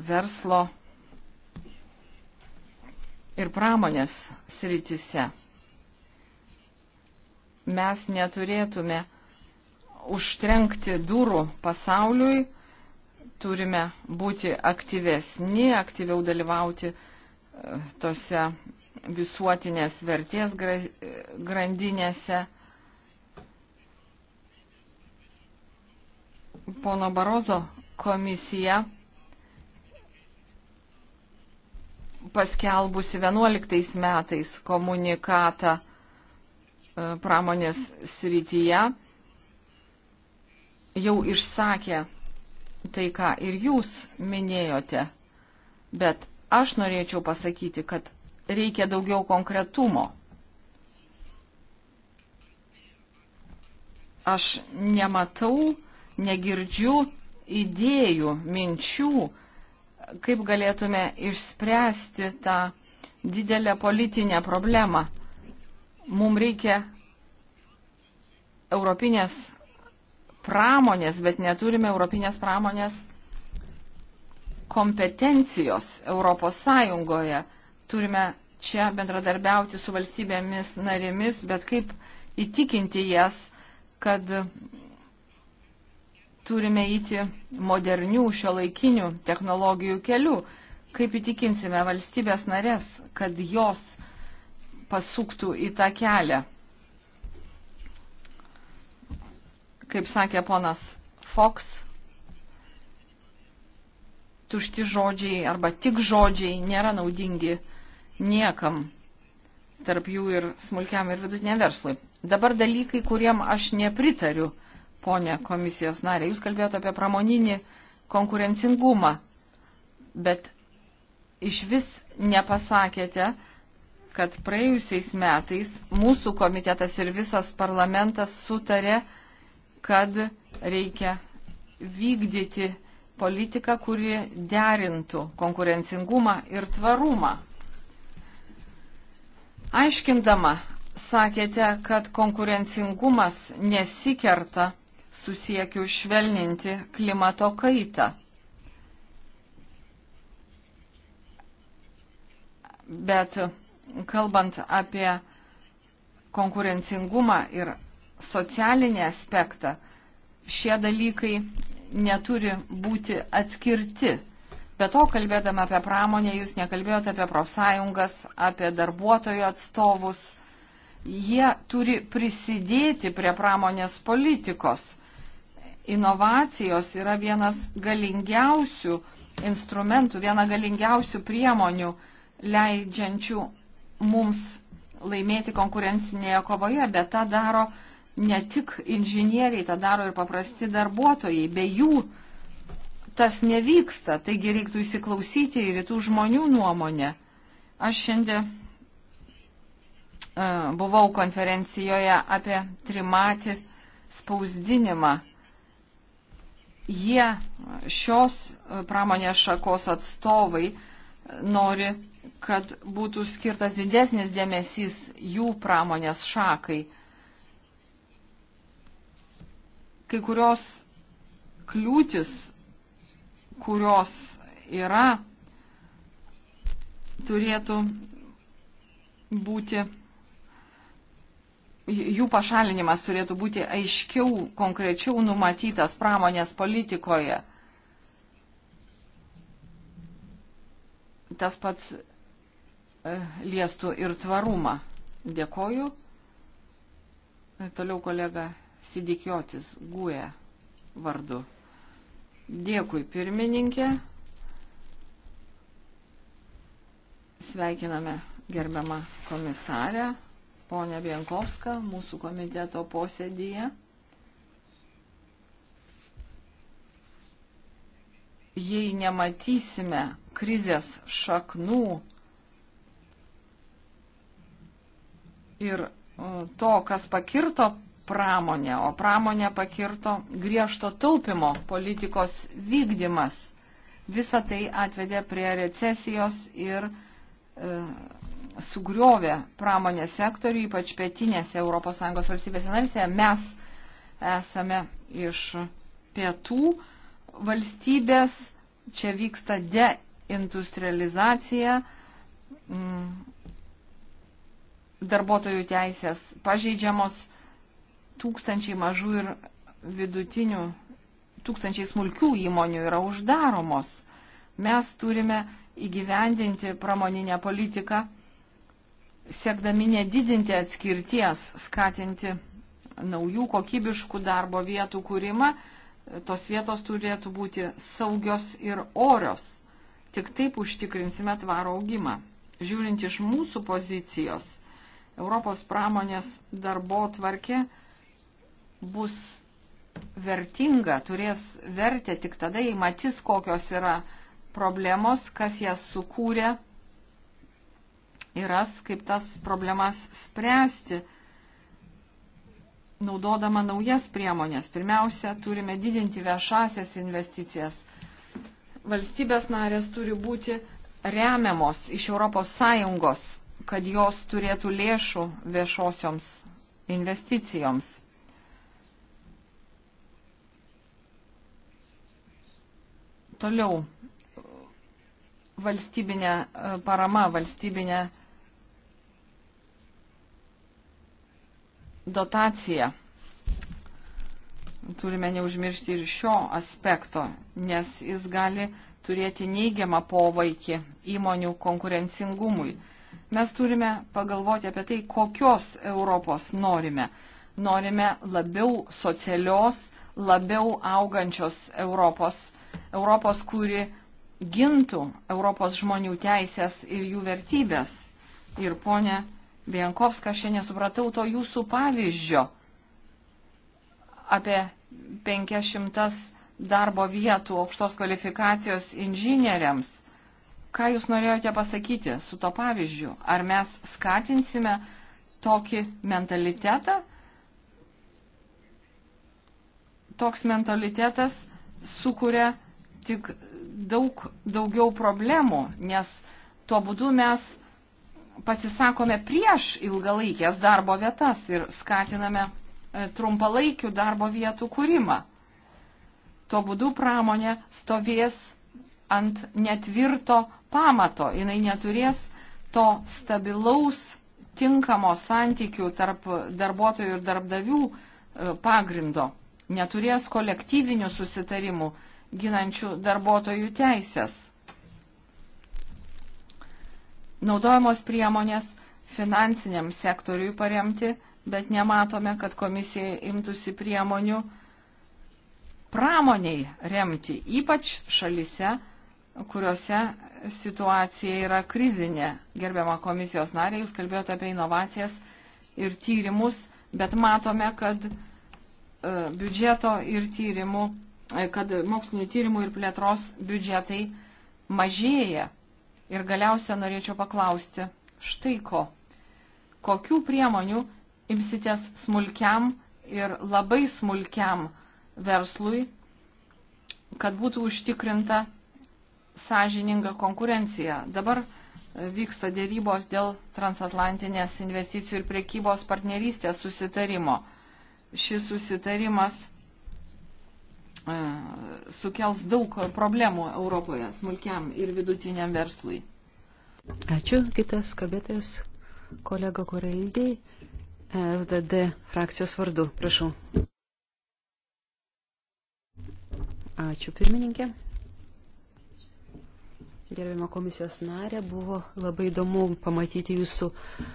Speaker 1: verslo ir pramonės sritise. Mes neturėtume užtrenkti durų pasauliui, turime būti aktyvesni, aktyviau dalyvauti e, tose visuotinės vertės e, grandinėse. pono Barozo komisija paskelbusi 11 metais komunikatą e, pramonės srityje jau išsakė tai, ką ir jūs minėjote, bet aš norėčiau pasakyti, kad reikia daugiau konkretumo. Aš nematau negirdžiu idėjų, minčių, kaip galėtume išspręsti tą didelę politinę problemą. Mums reikia europinės pramonės, bet neturime europinės pramonės kompetencijos Europos Sąjungoje. Turime čia bendradarbiauti su valstybėmis narėmis, bet kaip įtikinti jas, kad turime įti modernių šio laikinių technologijų kelių. Kaip įtikinsime valstybės narės, kad jos pasuktų į tą kelią? Kaip sakė ponas Fox, tušti žodžiai arba tik žodžiai nėra naudingi niekam, tarp jų ir smulkiam ir vidutiniam verslui. Dabar dalykai, kuriem aš nepritariu – ponė komisijos narė. Jūs kalbėjote apie pramoninį konkurencingumą, bet iš vis nepasakėte, kad praėjusiais metais mūsų komitetas ir visas parlamentas sutarė, kad reikia vykdyti politiką, kuri derintų konkurencingumą ir tvarumą. Aiškindama, sakėte, kad konkurencingumas nesikerta su siekiu švelninti klimato kaitą. Bet kalbant apie konkurencingumą ir socialinį aspektą, šie dalykai neturi būti atskirti. Be to, kalbėdama apie pramonę, jūs nekalbėjote apie profsąjungas, apie darbuotojų atstovus. Jie turi prisidėti prie pramonės politikos inovacijos yra vienas galingiausių instrumentų, viena galingiausių priemonių leidžiančių mums laimėti konkurencinėje kovoje, bet tą daro ne tik inžinieriai, tą daro ir paprasti darbuotojai. Be jų tas nevyksta, taigi reiktų įsiklausyti į rytų žmonių nuomonę. Aš šiandien e, buvau konferencijoje apie trimatį spausdinimą jie šios e, pramonės šakos atstovai nori, kad būtų skirtas didesnis dėmesys jų pramonės šakai. Kai kurios kliūtis, kurios yra, turėtų būti jų pašalinimas turėtų būti aiškiau, konkrečiau numatytas pramonės politikoje. Tas pats e, liestų ir tvarumą. Dėkoju. E, toliau kolega Sidikiotis Guė vardu. Dėkui pirmininkė. Sveikiname gerbiamą komisarę ponę Bienkovską mūsų komiteto posėdyje. Jei nematysime krizės šaknų ir e, to, kas pakirto pramonę, o pramonę pakirto griežto taupimo politikos vykdymas, visa tai atvedė prie recesijos ir e, sugriovė pramonės sektorių, ypač pietinėse ES valstybėse narėse. Mes esame iš pietų valstybės, čia vyksta deindustrializacija, mm. darbuotojų teisės pažeidžiamos tūkstančiai mažų ir vidutinių, tūkstančiai smulkių įmonių yra uždaromos. Mes turime įgyvendinti pramoninę politiką siekdami nedidinti atskirties, skatinti naujų kokybiškų darbo vietų kūrimą, tos vietos turėtų būti saugios ir orios. Tik taip užtikrinsime tvarą augimą. Žiūrint iš mūsų pozicijos, Europos pramonės darbo tvarkė bus vertinga, turės vertę tik tada, jei matys, kokios yra problemos, kas jas sukūrė, ir ras, kaip tas problemas spręsti, naudodama naujas priemonės. Pirmiausia, turime didinti viešasias investicijas. Valstybės narės turi būti remiamos iš ES, kad jos turėtų lėšų viešosioms investicijoms. Toliau valstybinė e, parama, valstybinė parama dotaciją. Turime neužmiršti ir šio aspekto, nes jis gali turėti neigiamą poveikį įmonių konkurencingumui. Mes turime pagalvoti apie tai, kokios Europos norime. Norime labiau socialios, labiau augančios Europos, Europos, kuri gintų Europos žmonių teisės ir jų vertybės. Ir ponė Vienkovska, aš nesupratau to jūsų pavyzdžio apie 500 darbo vietų aukštos kvalifikacijos inžinieriams. Ką jūs norėjote pasakyti su to pavyzdžiu? Ar mes skatinsime tokį mentalitetą? Toks mentalitetas sukuria tik daug daugiau problemų, nes tuo būdu mes pasisakome prieš ilgalaikės darbo vietas ir skatiname e, trumpalaikių darbo vietų kūrimą. Tuo būdu pramonė stovės ant netvirto pamato, jinai neturės to stabilaus tinkamo santykių tarp darbuotojų ir darbdavių e, pagrindo, neturės kolektyvinių susitarimų ginančių darbuotojų teisės naudojamos priemonės finansiniam sektoriui paremti, bet nematome, kad komisija imtųsi priemonių pramoniai remti, ypač šalise, kuriuose situacija yra krizinė. Gerbiama komisijos narė, jūs kalbėjote apie inovacijas ir tyrimus, bet matome, kad e, biudžeto ir tyrimų, e, kad mokslinių tyrimų ir plėtros biudžetai mažėja. Ir galiausia norėčiau paklausti, štai ko, kokių priemonių imsitės smulkiam ir labai smulkiam verslui, kad būtų užtikrinta sąžininga konkurencija. Dabar e, vyksta dėrybos dėl transatlantinės investicijų ir priekybos partnerystės susitarimo. Šis susitarimas E, sukels daug problemų Europoje smulkiam ir vidutiniam verslui.
Speaker 2: Ačiū. Kitas kalbėtojas kolega Koreldiai, FDD e, frakcijos vardu. Prašau. Ačiū pirmininkė. Gerbimo komisijos narė, buvo labai įdomu pamatyti jūsų uh,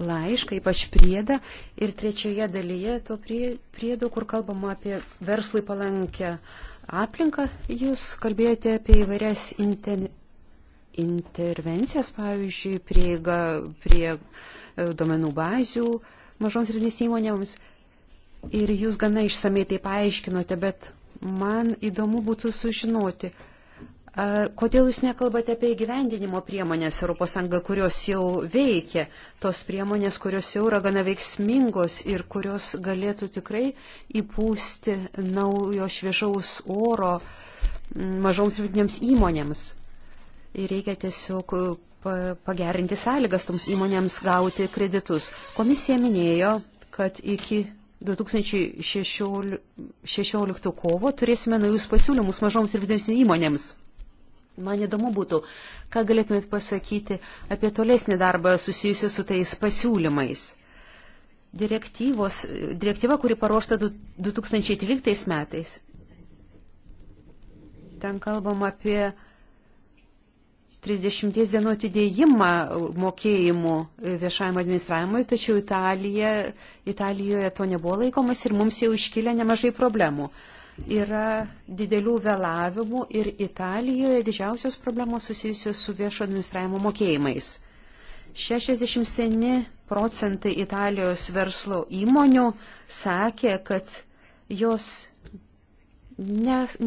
Speaker 2: laišką, ypač priedą. Ir trečioje dalyje to prie, priedo, kur kalbama apie verslui palankę aplinką, jūs kalbėjote apie įvairias inten, intervencijas, pavyzdžiui, prieiga prie e, domenų bazių mažoms ir įmonėms. Ir jūs gana išsamei tai paaiškinote, bet man įdomu būtų sužinoti, Kodėl jūs nekalbate apie įgyvendinimo priemonės ES, kurios jau veikia, tos priemonės, kurios jau yra gana veiksmingos ir kurios galėtų tikrai įpūsti naujo šviežaus oro mažoms vidinėms įmonėms? Ir reikia tiesiog pagerinti sąlygas toms įmonėms gauti kreditus. Komisija minėjo, kad iki 2016 kovo turėsime naujus pasiūlymus mažoms ir vidinėms įmonėms. Man įdomu būtų, ką galėtumėt pasakyti apie tolesnį darbą susijusi su tais pasiūlymais. Direktyvos, direktyva, kuri paruošta 2012 metais, ten kalbam apie 30 dienų atidėjimą mokėjimų viešajam administravimui, tačiau Italija, Italijoje to nebuvo laikomas ir mums jau iškilė nemažai problemų. Uh, yra didelių vėlavimų ir Italijoje didžiausios problemos susijusios su viešo administravimo mokėjimais. 67 procentai Italijos verslo įmonių sakė, kad jos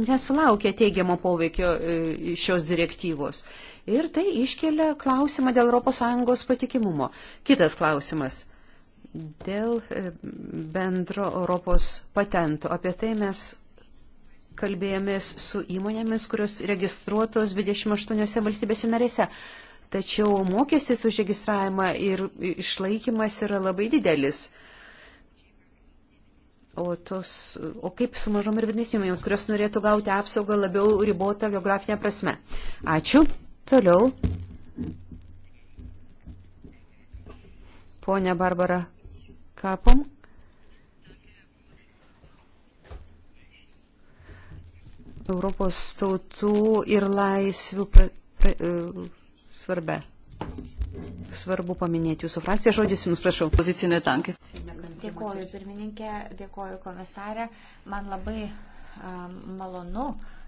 Speaker 2: nesulaukia teigiamo poveikio e, šios direktyvos. Ir tai iškelia klausimą dėl ES patikimumo. Kitas klausimas dėl e, bendro Europos patento. Apie tai mes kalbėjomės su įmonėmis, kurios registruotos 28 valstybėse narėse. Tačiau mokestis už registravimą ir išlaikymas yra labai didelis. O, tos, o kaip su mažom ir vidinės įmonėms, kurios norėtų gauti apsaugą labiau ribotą geografinę prasme? Ačiū. Toliau. Pone Barbara Kapom. Europos tautų ir laisvių pra, pra, e, svarbę. Svarbu paminėti jūsų frakciją. Žodis jums prašau. Pozicinė tankė.
Speaker 3: Dėkoju pirmininkė, dėkoju komisarė. Man labai um, malonu uh,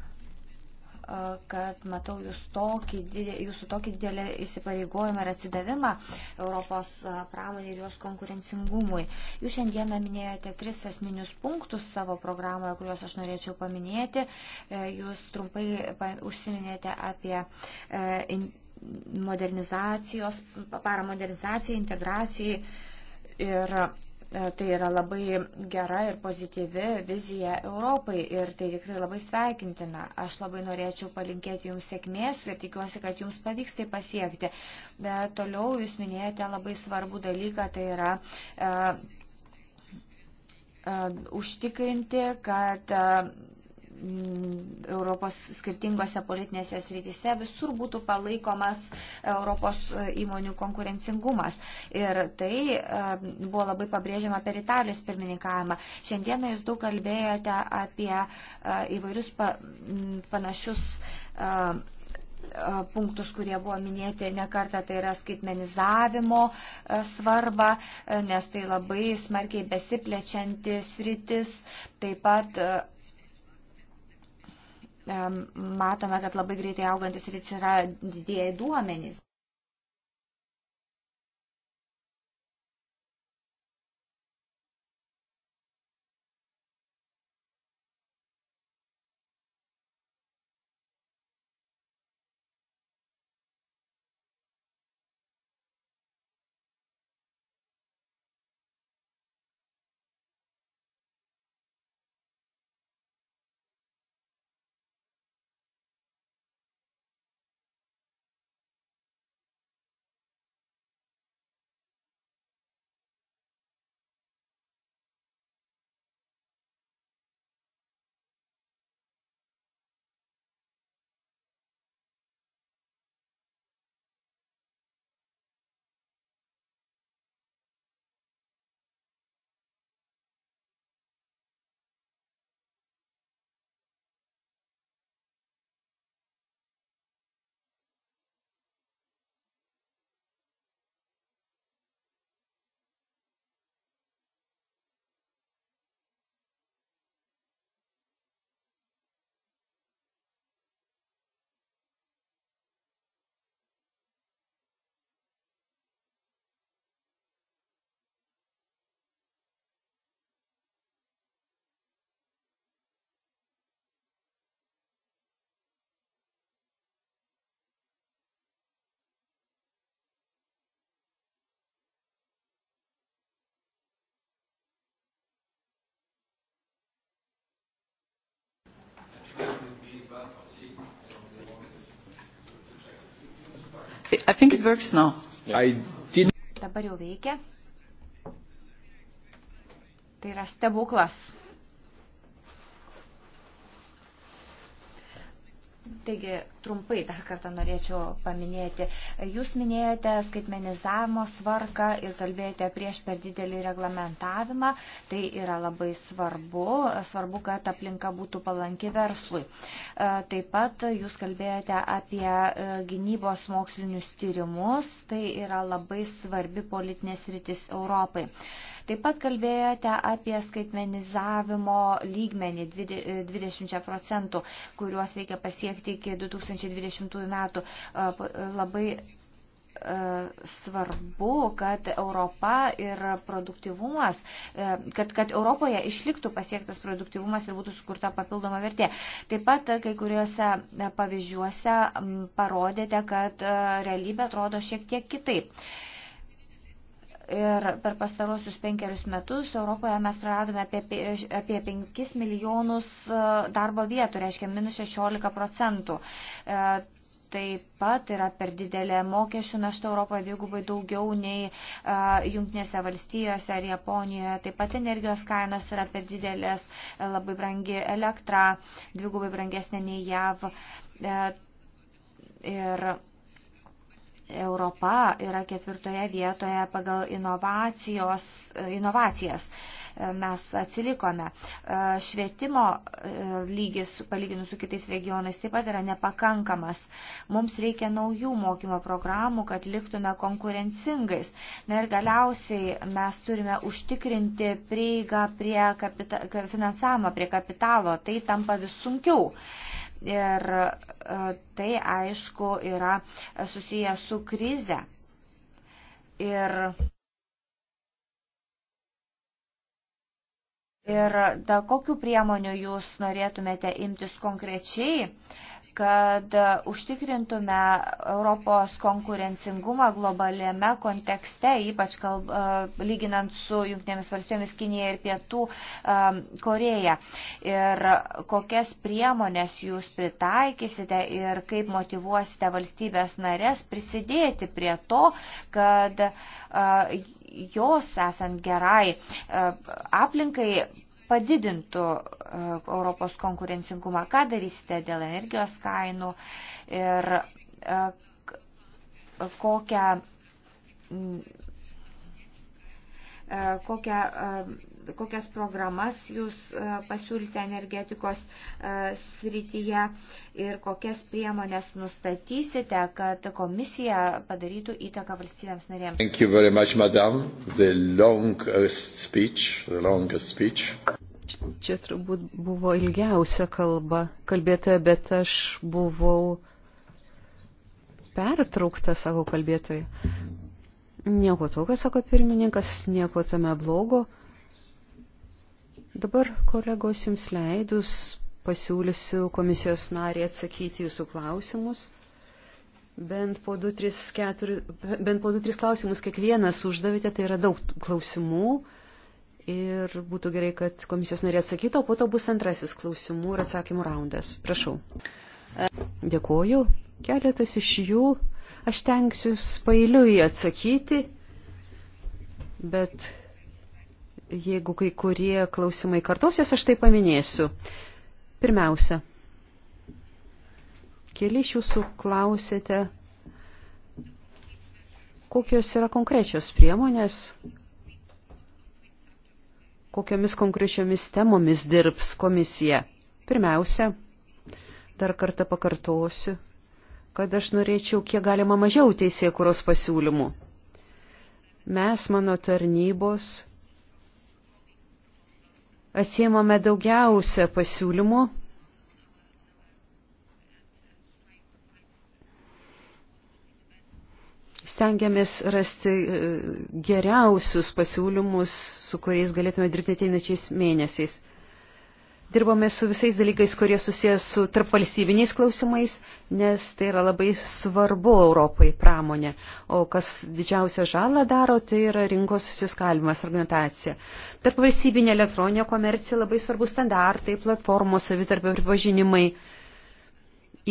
Speaker 3: kad matau jūs tokį, jūsų tokį didelį įsipareigojimą ir atsidavimą Europos pramonė ir jos konkurencingumui. Jūs šiandieną minėjote tris esminius punktus savo programoje, kuriuos aš norėčiau paminėti. E, jūs trumpai užsiminėte apie e, modernizacijos, paramodernizacijai, integracijai ir E, tai yra labai gera ir pozityvi vizija Europai ir tai tikrai labai sveikintina. Aš labai norėčiau palinkėti Jums sėkmės ir tikiuosi, kad Jums pavyks tai pasiekti. Bet toliau Jūs minėjote labai svarbų dalyką, tai yra e, e, užtikrinti, kad. E, Mm, Europos skirtingose politinėse srityse visur būtų palaikomas Europos e, įmonių konkurencingumas. Ir tai e, buvo labai pabrėžiama per Italijos pirmininkavimą. Šiandieną jūs daug kalbėjote apie e, įvairius panašius punktus, kurie buvo minėti ne kartą, tai yra skaitmenizavimo svarba, nes tai labai smarkiai besiplečiantis rytis, taip pat matome, kad labai greitai augantis rytis yra didėjai duomenys.
Speaker 2: I think it works now. I
Speaker 3: didn't... Dabar jau veikia. Tai yra stebuklas. Taigi trumpai dar kartą norėčiau paminėti. Jūs minėjote skaitmenizavimo svarką ir kalbėjote prieš per didelį reglamentavimą. Tai yra labai svarbu. Svarbu, kad aplinka būtų palanki verslui. E, taip pat jūs kalbėjote apie e, gynybos mokslinius tyrimus. Tai yra labai svarbi politinės rytis Europai. Europai. Taip pat kalbėjote apie skaitmenizavimo lygmenį 20 procentų, kuriuos reikia pasiekti iki 2020 metų. Labai svarbu, kad Europa ir produktivumas, e, kad, kad Europoje išliktų pasiektas produktivumas ir būtų sukurta papildoma vertė. Taip pat kai kuriuose e, pavyzdžiuose parodėte, kad e, realybė atrodo šiek tiek kitaip. Ir per pastarosius penkerius metus Europoje mes praradome apie, apie 5 milijonus e, darbo vietų, reiškia minus 16 procentų. E, taip pat yra per didelė mokesčių našta Europoje dvigubai daugiau nei uh, e, Junktinėse valstijose ar Japonijoje. Taip pat energijos kainos yra per didelės, labai brangi elektra, dvigubai brangesnė nei JAV. Uh, ir uh, Europa yra ketvirtoje vietoje pagal inovacijas. Mes atsilikome. Švietimo e, lygis, palyginus su kitais regionais, taip pat yra nepakankamas. Mums reikia naujų mokymo programų, kad liktume konkurencingais. Na ir galiausiai mes turime užtikrinti prieigą prie kapita, finansavimo, prie kapitalo. Tai tampa vis sunkiau. Ir e, tai aišku yra susiję su krize. Ir Ir da, kokiu priemoniu jūs norėtumėte imtis konkrečiai, uh, kad e, užtikrintume Europos konkurencingumą globaliame kontekste, ypač kalb, e, lyginant su Junktinėmis valstybėmis Kinėje ir Pietų um, Koreja. Ir kokias priemonės jūs pritaikysite ir kaip motivuosite valstybės narės prisidėti prie to, kad uh, jos esant gerai uh, aplinkai padidintų E, Europos konkurencingumą, ką darysite dėl energijos kainų ir e, kokią, e, kokią, kokias programas jūs pasiūlyte energetikos srityje ir kokias priemonės nustatysite, kad komisija padarytų įtaką valstybėms narėms. Thank you very much, madam. The longest speech, the longest speech.
Speaker 2: Čia turbūt buvo ilgiausia kalba kalbėtoja, bet aš buvau pertraukta, sako kalbėtoja. Nieko to, ką sako pirmininkas, nieko tame blogo. Dabar, kolegos, jums leidus pasiūlysiu komisijos narį atsakyti jūsų klausimus. Bent po 2-3 klausimus kiekvienas uždavėte, tai yra daug klausimų. Ir būtų gerai, kad komisijos narė atsakytų, o po to bus antrasis klausimų ir atsakymų raundas. Prašau. Dėkuoju. Keletas iš jų. Aš tenksiu spailiui atsakyti, bet jeigu kai kurie klausimai kartosies, aš tai paminėsiu. Pirmiausia, keli iš jūsų klausėte, kokios yra konkrečios priemonės, kokiomis konkrečiomis temomis dirbs komisija. Pirmiausia, dar kartą pakartosiu, kad aš norėčiau kiek galima mažiau teisėkuros pasiūlymų. Mes, mano tarnybos, atsiemame daugiausia pasiūlymų stengiamės rasti e, geriausius pasiūlymus, su kuriais galėtume dirbti ateinačiais mėnesiais. Dirbame su visais dalykais, kurie susijęs su tarpvalstybiniais klausimais, nes tai yra labai svarbu Europai pramonė. O kas didžiausią žalą daro, tai yra rinkos susiskalimas, organizacija. Tarpvalstybinė elektroninė komercija labai svarbu standartai, platformos savitarpio pripažinimai,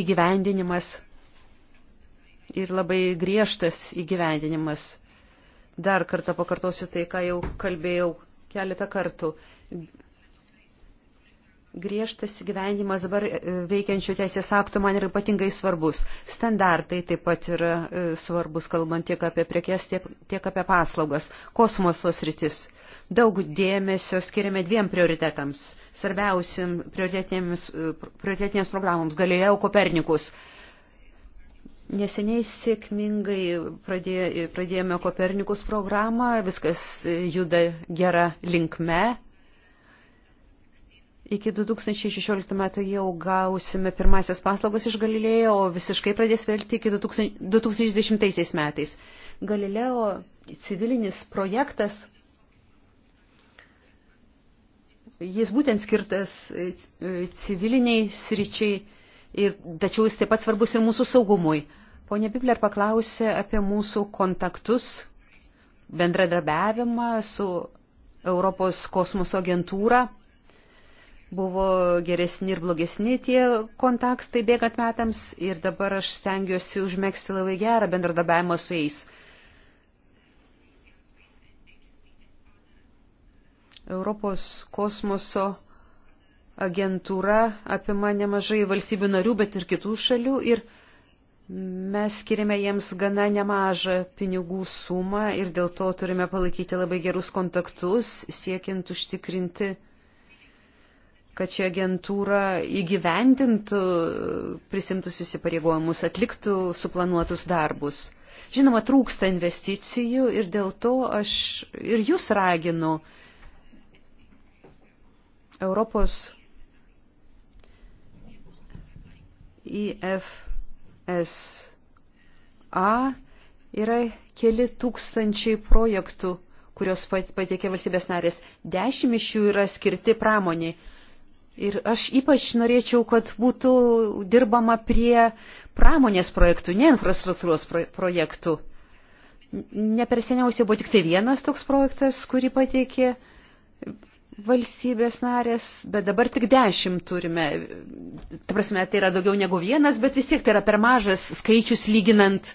Speaker 2: įgyvendinimas ir labai griežtas įgyvendinimas. Dar kartą pakartosiu tai, ką jau kalbėjau keletą kartų. Griežtas įgyvendimas dabar e, veikiančių teisės aktų man yra ypatingai svarbus. Standartai taip pat yra e, svarbus, kalbant tiek apie prekes, tiek, tiek apie paslaugas. Kosmosos rytis. Daug dėmesio skiriame dviem prioritetams. Svarbiausiam e, prioritetinėms programoms - Galileo Kopernikus. Neseniai sėkmingai pradė, pradėjome Kopernikus programą, viskas juda gera linkme. Iki 2016 metų jau gausime pirmasias paslaugas iš Galilėjo, o visiškai pradės velti iki 2020 metais. Galilėjo civilinis projektas, jis būtent skirtas e, civiliniai sričiai Ir, tačiau jis taip pat svarbus ir mūsų saugumui. Pone Bibler paklausė apie mūsų kontaktus, bendradarbiavimą su Europos kosmoso agentūra. Buvo geresni ir blogesni tie kontaktai bėgant metams ir dabar aš stengiuosi užmėgsti labai gerą bendradarbiavimą su jais. Europos kosmoso agentūra apima nemažai valstybių narių, bet ir kitų šalių ir mes skiriame jiems gana nemažą pinigų sumą ir dėl to turime palaikyti labai gerus kontaktus, siekiant užtikrinti, kad ši agentūra įgyvendintų prisimtus įsipareigojimus, atliktų suplanuotus darbus. Žinoma, trūksta investicijų ir dėl to aš ir jūs raginu Europos IFSA yra keli tūkstančiai projektų, kurios patiekė valstybės narės. Dešimt iš jų yra skirti pramoniai. Ir aš ypač norėčiau, kad būtų dirbama prie pramonės projektų, ne infrastruktūros projektų. Ne per seniausiai buvo tik tai vienas toks projektas, kurį pateikė valstybės narės, bet dabar tik dešimt turime. Ta prasme, tai yra daugiau negu vienas, bet vis tiek tai yra per mažas skaičius lyginant uh,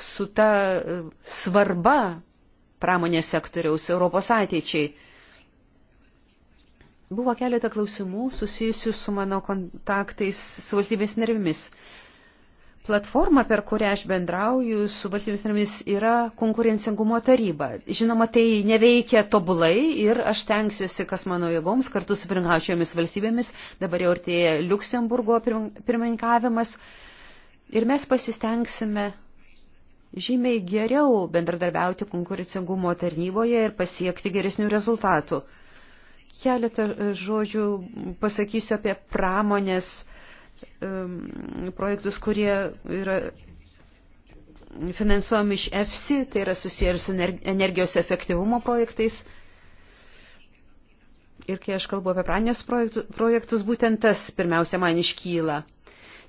Speaker 2: su ta uh, svarba pramonės sektoriaus Europos ateičiai. Buvo keletą klausimų susijusių su mano kontaktais su valstybės nervimis. Platforma, per kurią aš bendrauju su valstybės narėmis, yra konkurencingumo taryba. Žinoma, tai neveikia tobulai ir aš tenksiuosi, kas mano jėgoms, kartu su pirmininkaučiomis valstybėmis, dabar jau artėja Luksemburgo pirmininkavimas. Ir mes pasistengsime žymiai geriau bendradarbiauti konkurencingumo tarnyboje ir pasiekti geresnių rezultatų. Keletą žodžių pasakysiu apie pramonės Um, projektus, kurie yra finansuojami iš EFSI, tai yra susiję ir su energijos efektyvumo projektais. Ir kai aš kalbu apie pranės projektus, projektus, būtent tas pirmiausia man iškyla.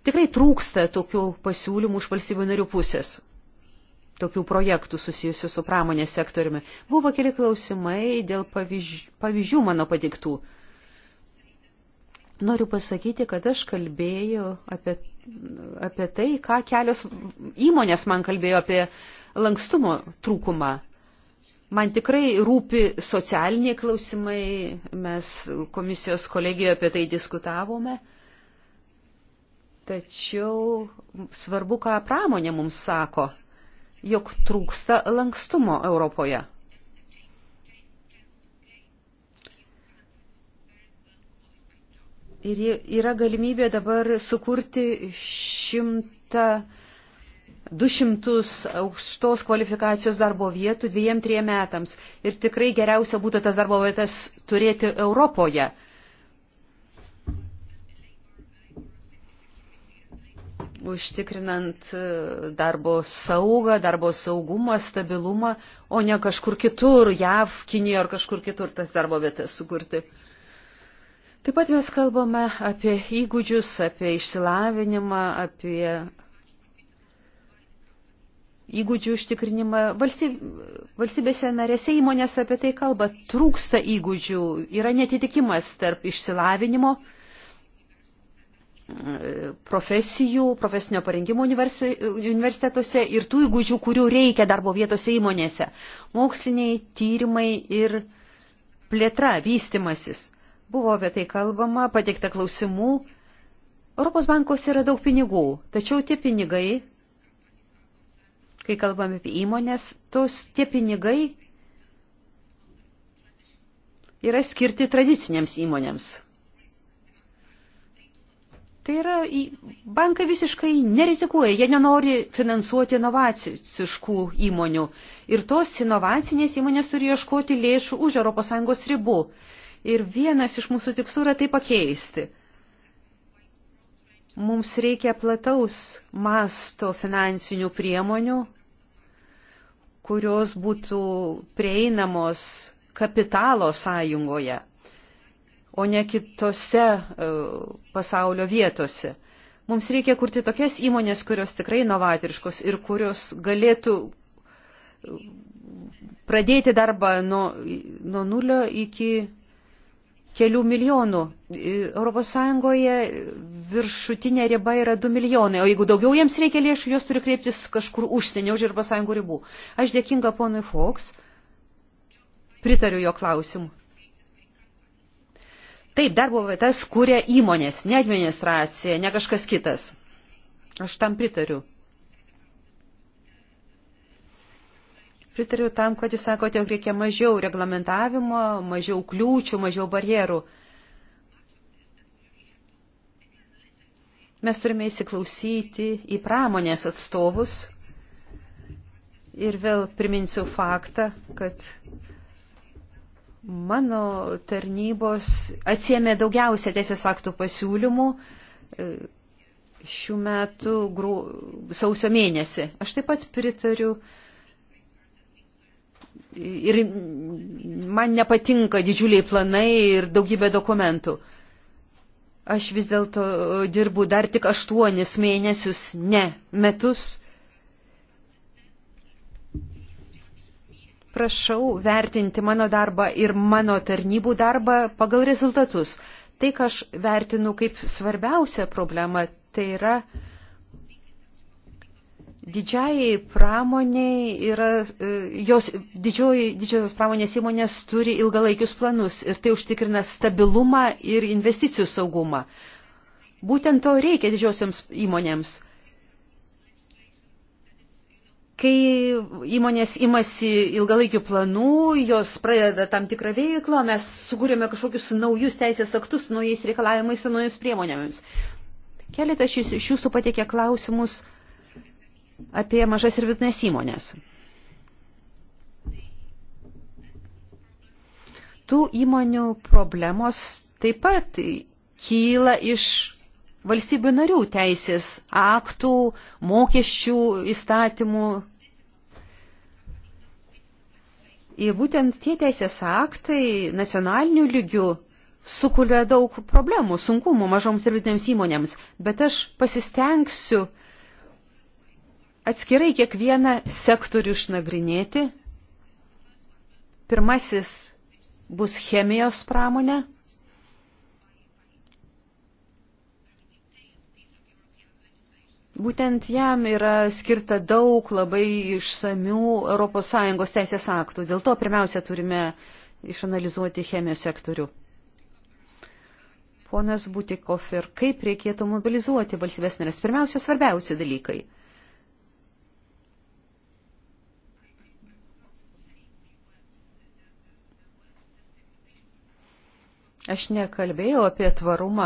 Speaker 2: Tikrai trūksta tokių pasiūlymų iš valstybių narių pusės, tokių projektų susijusių su pramonės sektoriumi. Buvo keli klausimai dėl pavyzdžių, pavyzdžių mano padiktų. Noriu pasakyti, kad aš kalbėjau apie, apie tai, ką kelios įmonės man kalbėjo apie lankstumo trūkumą. Man tikrai rūpi socialiniai klausimai, mes komisijos kolegijoje apie tai diskutavome. Tačiau svarbu, ką pramonė mums sako, jog trūksta lankstumo Europoje. Ir yra galimybė dabar sukurti šimtą, du šimtus aukštos kvalifikacijos darbo vietų dviem, triem metams. Ir tikrai geriausia būtų tas darbo vietas turėti Europoje. Užtikrinant e, darbo saugą, darbo saugumą, stabilumą, o ne kažkur kitur, JAV, Kinijoje ar kažkur kitur tas darbo vietas sukurti. Taip pat mes kalbame apie įgūdžius, apie išsilavinimą, apie įgūdžių užtikrinimą. Valstyb, valstybėse narėse įmonės apie tai kalba, trūksta įgūdžių, yra netitikimas tarp išsilavinimo, profesijų, profesinio parengimo universitetuose ir tų įgūdžių, kurių reikia darbo vietose įmonėse. Moksliniai tyrimai ir plėtra, vystimasis. Buvo apie tai kalbama, pateikta klausimų. Europos bankos yra daug pinigų, tačiau tie pinigai, kai kalbame apie įmonės, tos tie pinigai yra skirti tradicinėms įmonėms. Tai yra, bankai visiškai nerizikuoja, jie nenori finansuoti inovaciškų įmonių. Ir tos inovacinės įmonės turi ieškoti lėšų už ES ribų. Ir vienas iš mūsų tikslų yra tai pakeisti. Mums reikia plataus masto finansinių priemonių, kurios būtų prieinamos kapitalo sąjungoje, o ne kitose e, pasaulio vietose. Mums reikia kurti tokias įmonės, kurios tikrai novatoriškos ir kurios galėtų e, pradėti darbą nuo, nuo nulio iki kelių milijonų. ES viršutinė riba yra 2 milijonai, o jeigu daugiau jiems reikia lėšų, jos turi kreiptis kažkur užsienio už ES ribų. Aš dėkinga ponui Fox, pritariu jo klausimu. Taip, darbo vietas kūrė įmonės, ne administracija, ne kažkas kitas. Aš tam pritariu. Pritariu tam, kad jūs sakote, jog reikia mažiau reglamentavimo, mažiau kliūčių, mažiau barjerų. Mes turime įsiklausyti į pramonės atstovus. Ir vėl priminsiu faktą, kad mano tarnybos atsiemė daugiausia teisės aktų pasiūlymų e, šių metų sausio mėnesį. Aš taip pat pritariu uh, ir man nepatinka didžiuliai planai ir daugybė dokumentų. Aš vis dėlto e, dirbu dar tik aštuonis mėnesius, ne metus. Prašau vertinti mano darbą ir mano tarnybų darbą pagal rezultatus. Tai, ką aš vertinu kaip svarbiausia problema, tai yra uh, Didžiai pramoniai yra, e, jos didžioji, didžiosios pramonės įmonės turi ilgalaikius planus ir tai užtikrina stabilumą ir investicijų saugumą. Būtent to reikia didžiosioms įmonėms. Kai įmonės imasi ilgalaikių planų, jos pradeda tam tikrą veiklą, mes sukūrėme kažkokius naujus teisės aktus, naujais reikalavimais ir naujus priemonėmis. Keletas iš jūsų pateikė klausimus apie mažas ir vidutinės įmonės. Tų įmonių problemos taip pat kyla iš valstybių narių teisės aktų, mokesčių įstatymų. Ir būtent tie teisės aktai nacionalinių lygių sukuria daug problemų, sunkumų mažoms ir vidutinėms įmonėms, bet aš pasistengsiu uh, atskirai kiekvieną sektorių išnagrinėti. Pirmasis bus chemijos pramonė. Būtent jam yra skirta daug labai išsamių ES teisės aktų. Dėl to pirmiausia turime išanalizuoti chemijos sektorių. Ponas Butikofer, kaip reikėtų mobilizuoti valstybės narės? Pirmiausia, svarbiausi dalykai – Aš nekalbėjau apie tvarumą,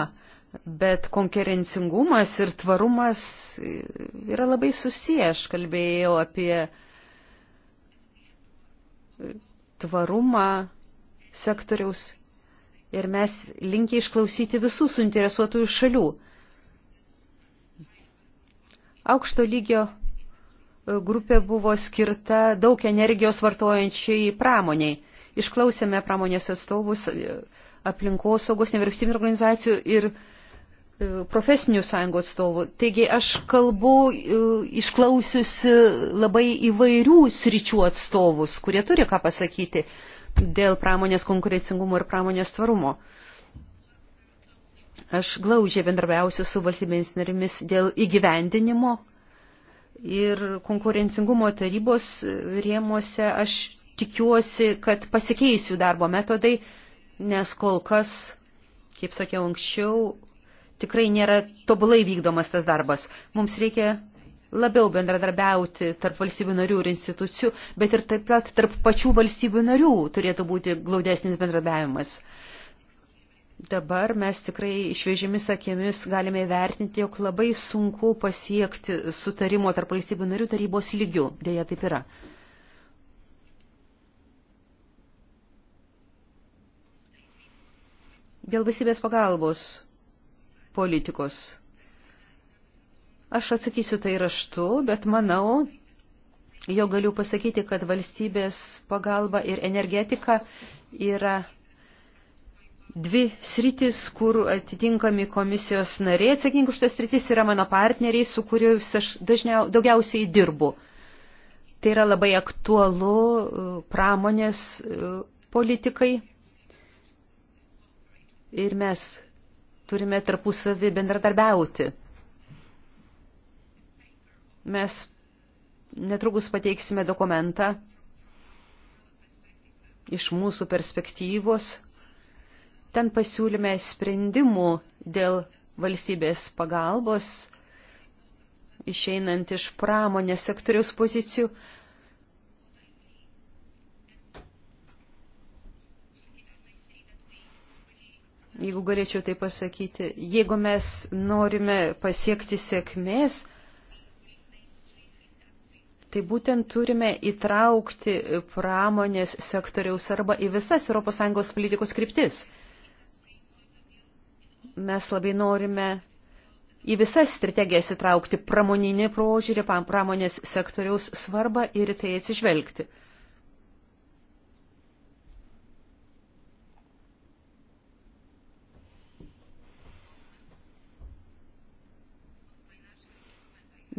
Speaker 2: bet konkurencingumas ir tvarumas yra labai susiję. Aš kalbėjau apie tvarumą sektoriaus ir mes linkiai išklausyti visų suinteresuotųjų šalių. Aukšto lygio grupė buvo skirta daug energijos vartojančiai pramoniai. Išklausėme pramonės atstovus, aplinkosaugos nevyriausybinio organizacijų ir e, profesinių sąjungų atstovų. Taigi aš kalbu e, išklausiusi labai įvairių sričių atstovus, kurie turi ką pasakyti dėl pramonės konkurencingumo ir pramonės tvarumo. Aš glaudžiai bendrabiausiu su valstybėmis narimis dėl įgyvendinimo ir konkurencingumo tarybos rėmose aš tikiuosi, kad pasikeis jų darbo metodai nes kol kas, kaip sakiau anksčiau, tikrai nėra tobulai vykdomas tas darbas. Mums reikia labiau bendradarbiauti tarp valstybių narių ir institucijų, bet ir taip pat tarp pačių valstybių narių turėtų būti glaudesnis bendradarbiavimas. Dabar mes tikrai išvežimis akimis galime vertinti, jog labai sunku pasiekti sutarimo tarp valstybių narių tarybos lygių. Deja, taip yra. Dėl valstybės pagalbos politikos. Aš atsakysiu tai raštu, bet manau, jau galiu pasakyti, kad valstybės pagalba ir energetika yra dvi sritis, kur atitinkami komisijos nariai atsakingi už tas sritis yra mano partneriai, su kuriais aš dažniau, daugiausiai dirbu. Tai yra labai aktualu e, pramonės e, politikai ir mes turime tarpusavį bendradarbiauti. Mes netrukus pateiksime dokumentą iš mūsų perspektyvos. Ten pasiūlyme sprendimų dėl valstybės pagalbos, išeinant iš pramonės sektoriaus pozicijų, jeigu galėčiau tai pasakyti, jeigu mes norime pasiekti sėkmės, tai būtent turime įtraukti pramonės sektoriaus arba į visas ES politikos kryptis. Mes labai norime į visas strategijas įtraukti pramoninį prožiūrį, pramonės sektoriaus svarbą ir tai atsižvelgti.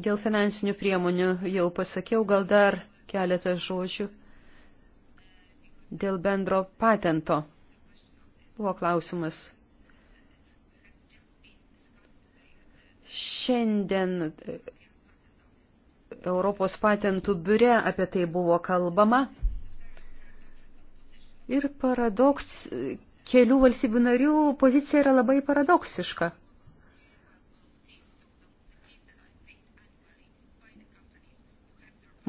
Speaker 2: Dėl finansinių priemonių jau pasakiau, gal dar keletą žodžių. Dėl bendro patento buvo klausimas. Šiandien e, Europos patentų biure apie tai buvo kalbama. Ir paradoks, e, kelių valstybių narių pozicija yra labai paradoksiška.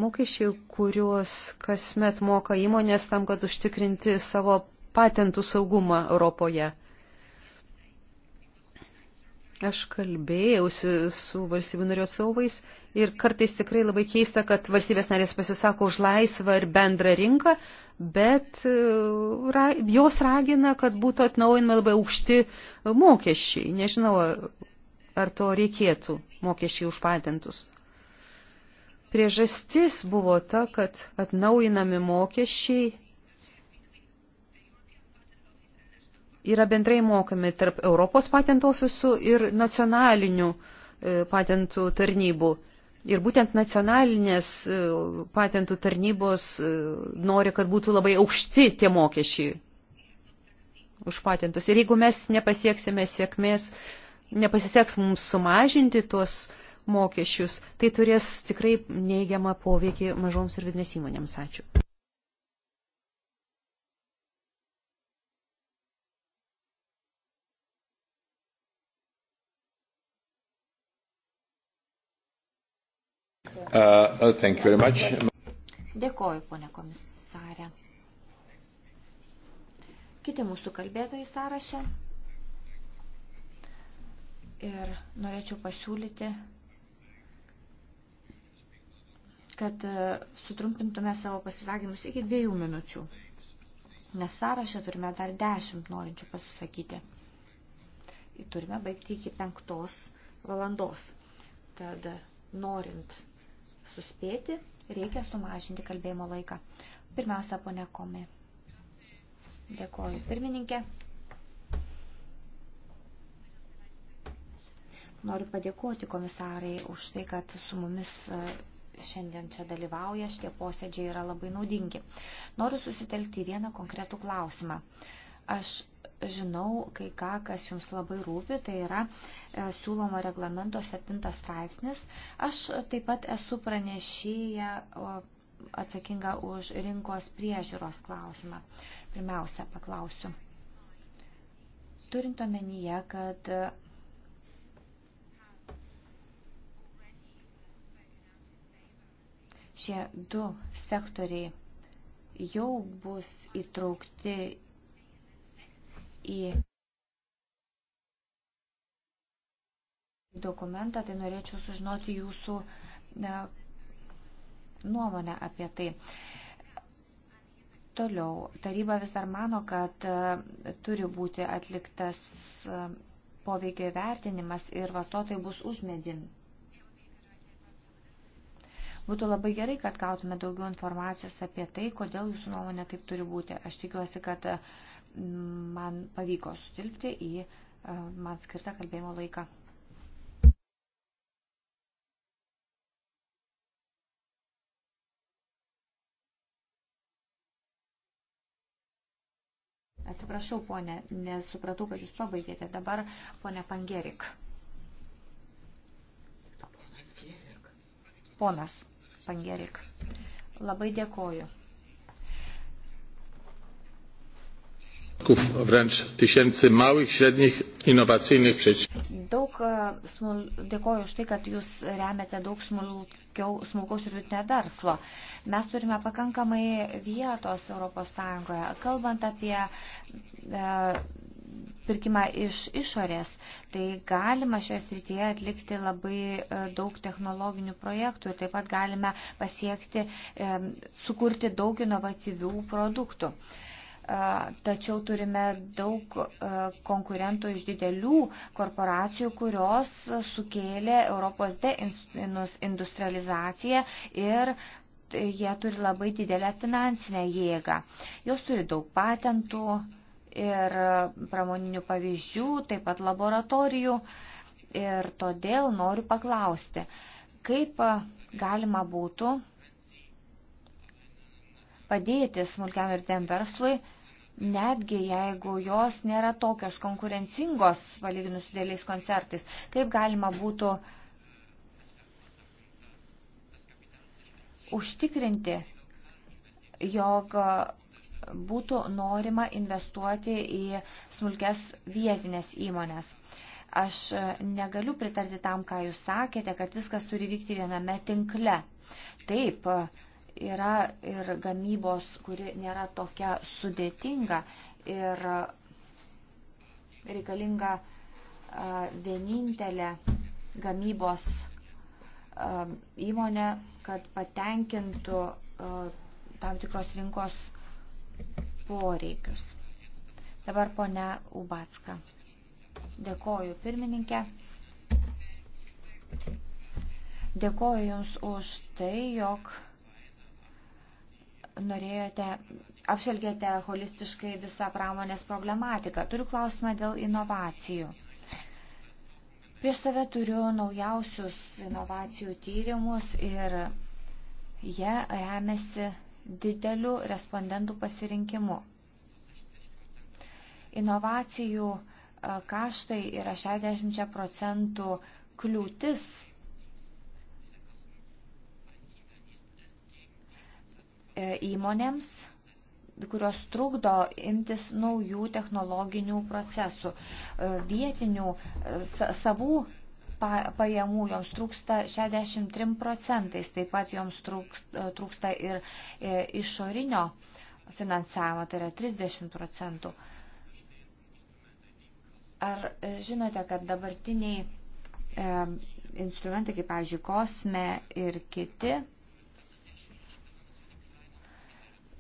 Speaker 2: Mokesčiai, kuriuos kasmet moka įmonės tam, kad užtikrinti savo patentų saugumą Europoje. Aš kalbėjausi su valstybių narių atstovais ir kartais tikrai labai keista, kad valstybės narės pasisako už laisvą ir bendrą rinką, bet e, ra, jos ragina, kad būtų atnaujinami labai aukšti mokesčiai. Nežinau, ar to reikėtų mokesčiai už patentus. Priežastis buvo ta, kad atnaujinami mokesčiai yra bendrai mokami tarp Europos patentų ofisų ir nacionalinių e, patentų tarnybų. Ir būtent nacionalinės e, patentų tarnybos e, nori, kad būtų labai aukšti tie mokesčiai už patentus. Ir jeigu mes nepasieksime sėkmės, nepasiseks mums sumažinti tuos uh, mokesčius. Tai turės tikrai neigiamą poveikį mažoms ir vidinės įmonėms. Ačiū.
Speaker 3: Uh, uh, thank you very much. Dėkoju, ponė komisarė. Kiti mūsų kalbėtojai sąraše. Ir norėčiau pasiūlyti kad e, sutrumpintume savo pasisakymus iki dviejų minučių. Nes sąrašą turime dar dešimt norinčių pasisakyti. Ir turime baigti iki penktos valandos. Tad norint suspėti, reikia sumažinti kalbėjimo laiką. Pirmiausia, ponė Komi. Dėkoju, pirmininkė. Noriu padėkoti komisarai už tai, kad su mumis e, šiandien čia dalyvauja, šitie posėdžiai yra labai naudingi. Noriu susitelkti į vieną konkretų klausimą. Aš žinau kai ką, kas jums labai rūpi, tai yra e, siūlomo reglamento 7 straipsnis. Aš taip pat esu pranešėję atsakinga už rinkos priežiūros klausimą. Pirmiausia, paklausiu. Turint omenyje, kad Šie du sektoriai jau bus įtraukti į dokumentą, tai norėčiau sužinoti jūsų nuomonę apie tai. Toliau, taryba vis dar mano, kad e, turi būti atliktas e, poveikio įvertinimas ir vartotojai bus užmedinti Būtų labai gerai, kad gautume daugiau informacijos apie tai, kodėl jūsų nuomonė taip turi būti. Aš tikiuosi, kad mm, man pavyko sutilpti į e, man skirtą kalbėjimo laiką. Atsiprašau, ponė, nesupratau, kad jūs pabaigėte. Dabar ponė Pangerik. Ponas. Pangerik. Labai dėkoju. wręcz
Speaker 1: tysięcy małych, średnich, innowacyjnych przedsiębiorstw.
Speaker 3: Daug e, smul, dėkoju už tai, kad jūs remiate daug smulkiau, smulkaus ir vidutinio verslo. Mes turime pakankamai vietos ES. Kalbant apie e, pirkimą iš išorės. Tai galima šioje srityje atlikti labai e, daug technologinių projektų ir taip pat galime pasiekti, e, sukurti daug inovatyvių produktų e, tačiau turime daug konkurentų iš didelių korporacijų, kurios sukėlė Europos deindustrializaciją ir jie turi labai didelę finansinę jėgą. Jos turi daug patentų, ir pramoninių pavyzdžių, taip pat laboratorijų. Ir todėl noriu paklausti, kaip galima būtų padėti smulkiam ir tiem verslui, netgi jeigu jos nėra tokios konkurencingos, palyginus su dėliais koncertais, kaip galima būtų užtikrinti, jog būtų norima investuoti į smulkes vietinės įmonės. Aš e, negaliu pritarti tam, ką jūs sakėte, kad viskas turi vykti viename tinkle. Taip, e, yra ir gamybos, kuri nėra tokia sudėtinga ir e, reikalinga vienintelė gamybos įmonė, kad patenkintų tam tikros rinkos poreikius. Dabar ponia Ubacka. Dėkoju pirmininkė. Dėkoju Jums už tai, jog norėjote, apžvelgėte holistiškai visą pramonės problematiką. Turiu klausimą dėl inovacijų. Prieš save turiu naujausius inovacijų tyrimus ir jie remiasi dideliu respondentų pasirinkimu. Inovacijų kaštai yra 60 procentų kliūtis e, įmonėms, kurios trukdo imtis naujų technologinių procesų, e, vietinių e, savų pajamų, joms trūksta 63 procentais, taip pat joms e, trūksta ir e, išorinio finansavimo, tai yra 30 procentų. Ar e, žinote, kad dabartiniai instrumentai, kaip, pavyzdžiui, kosme ir kiti,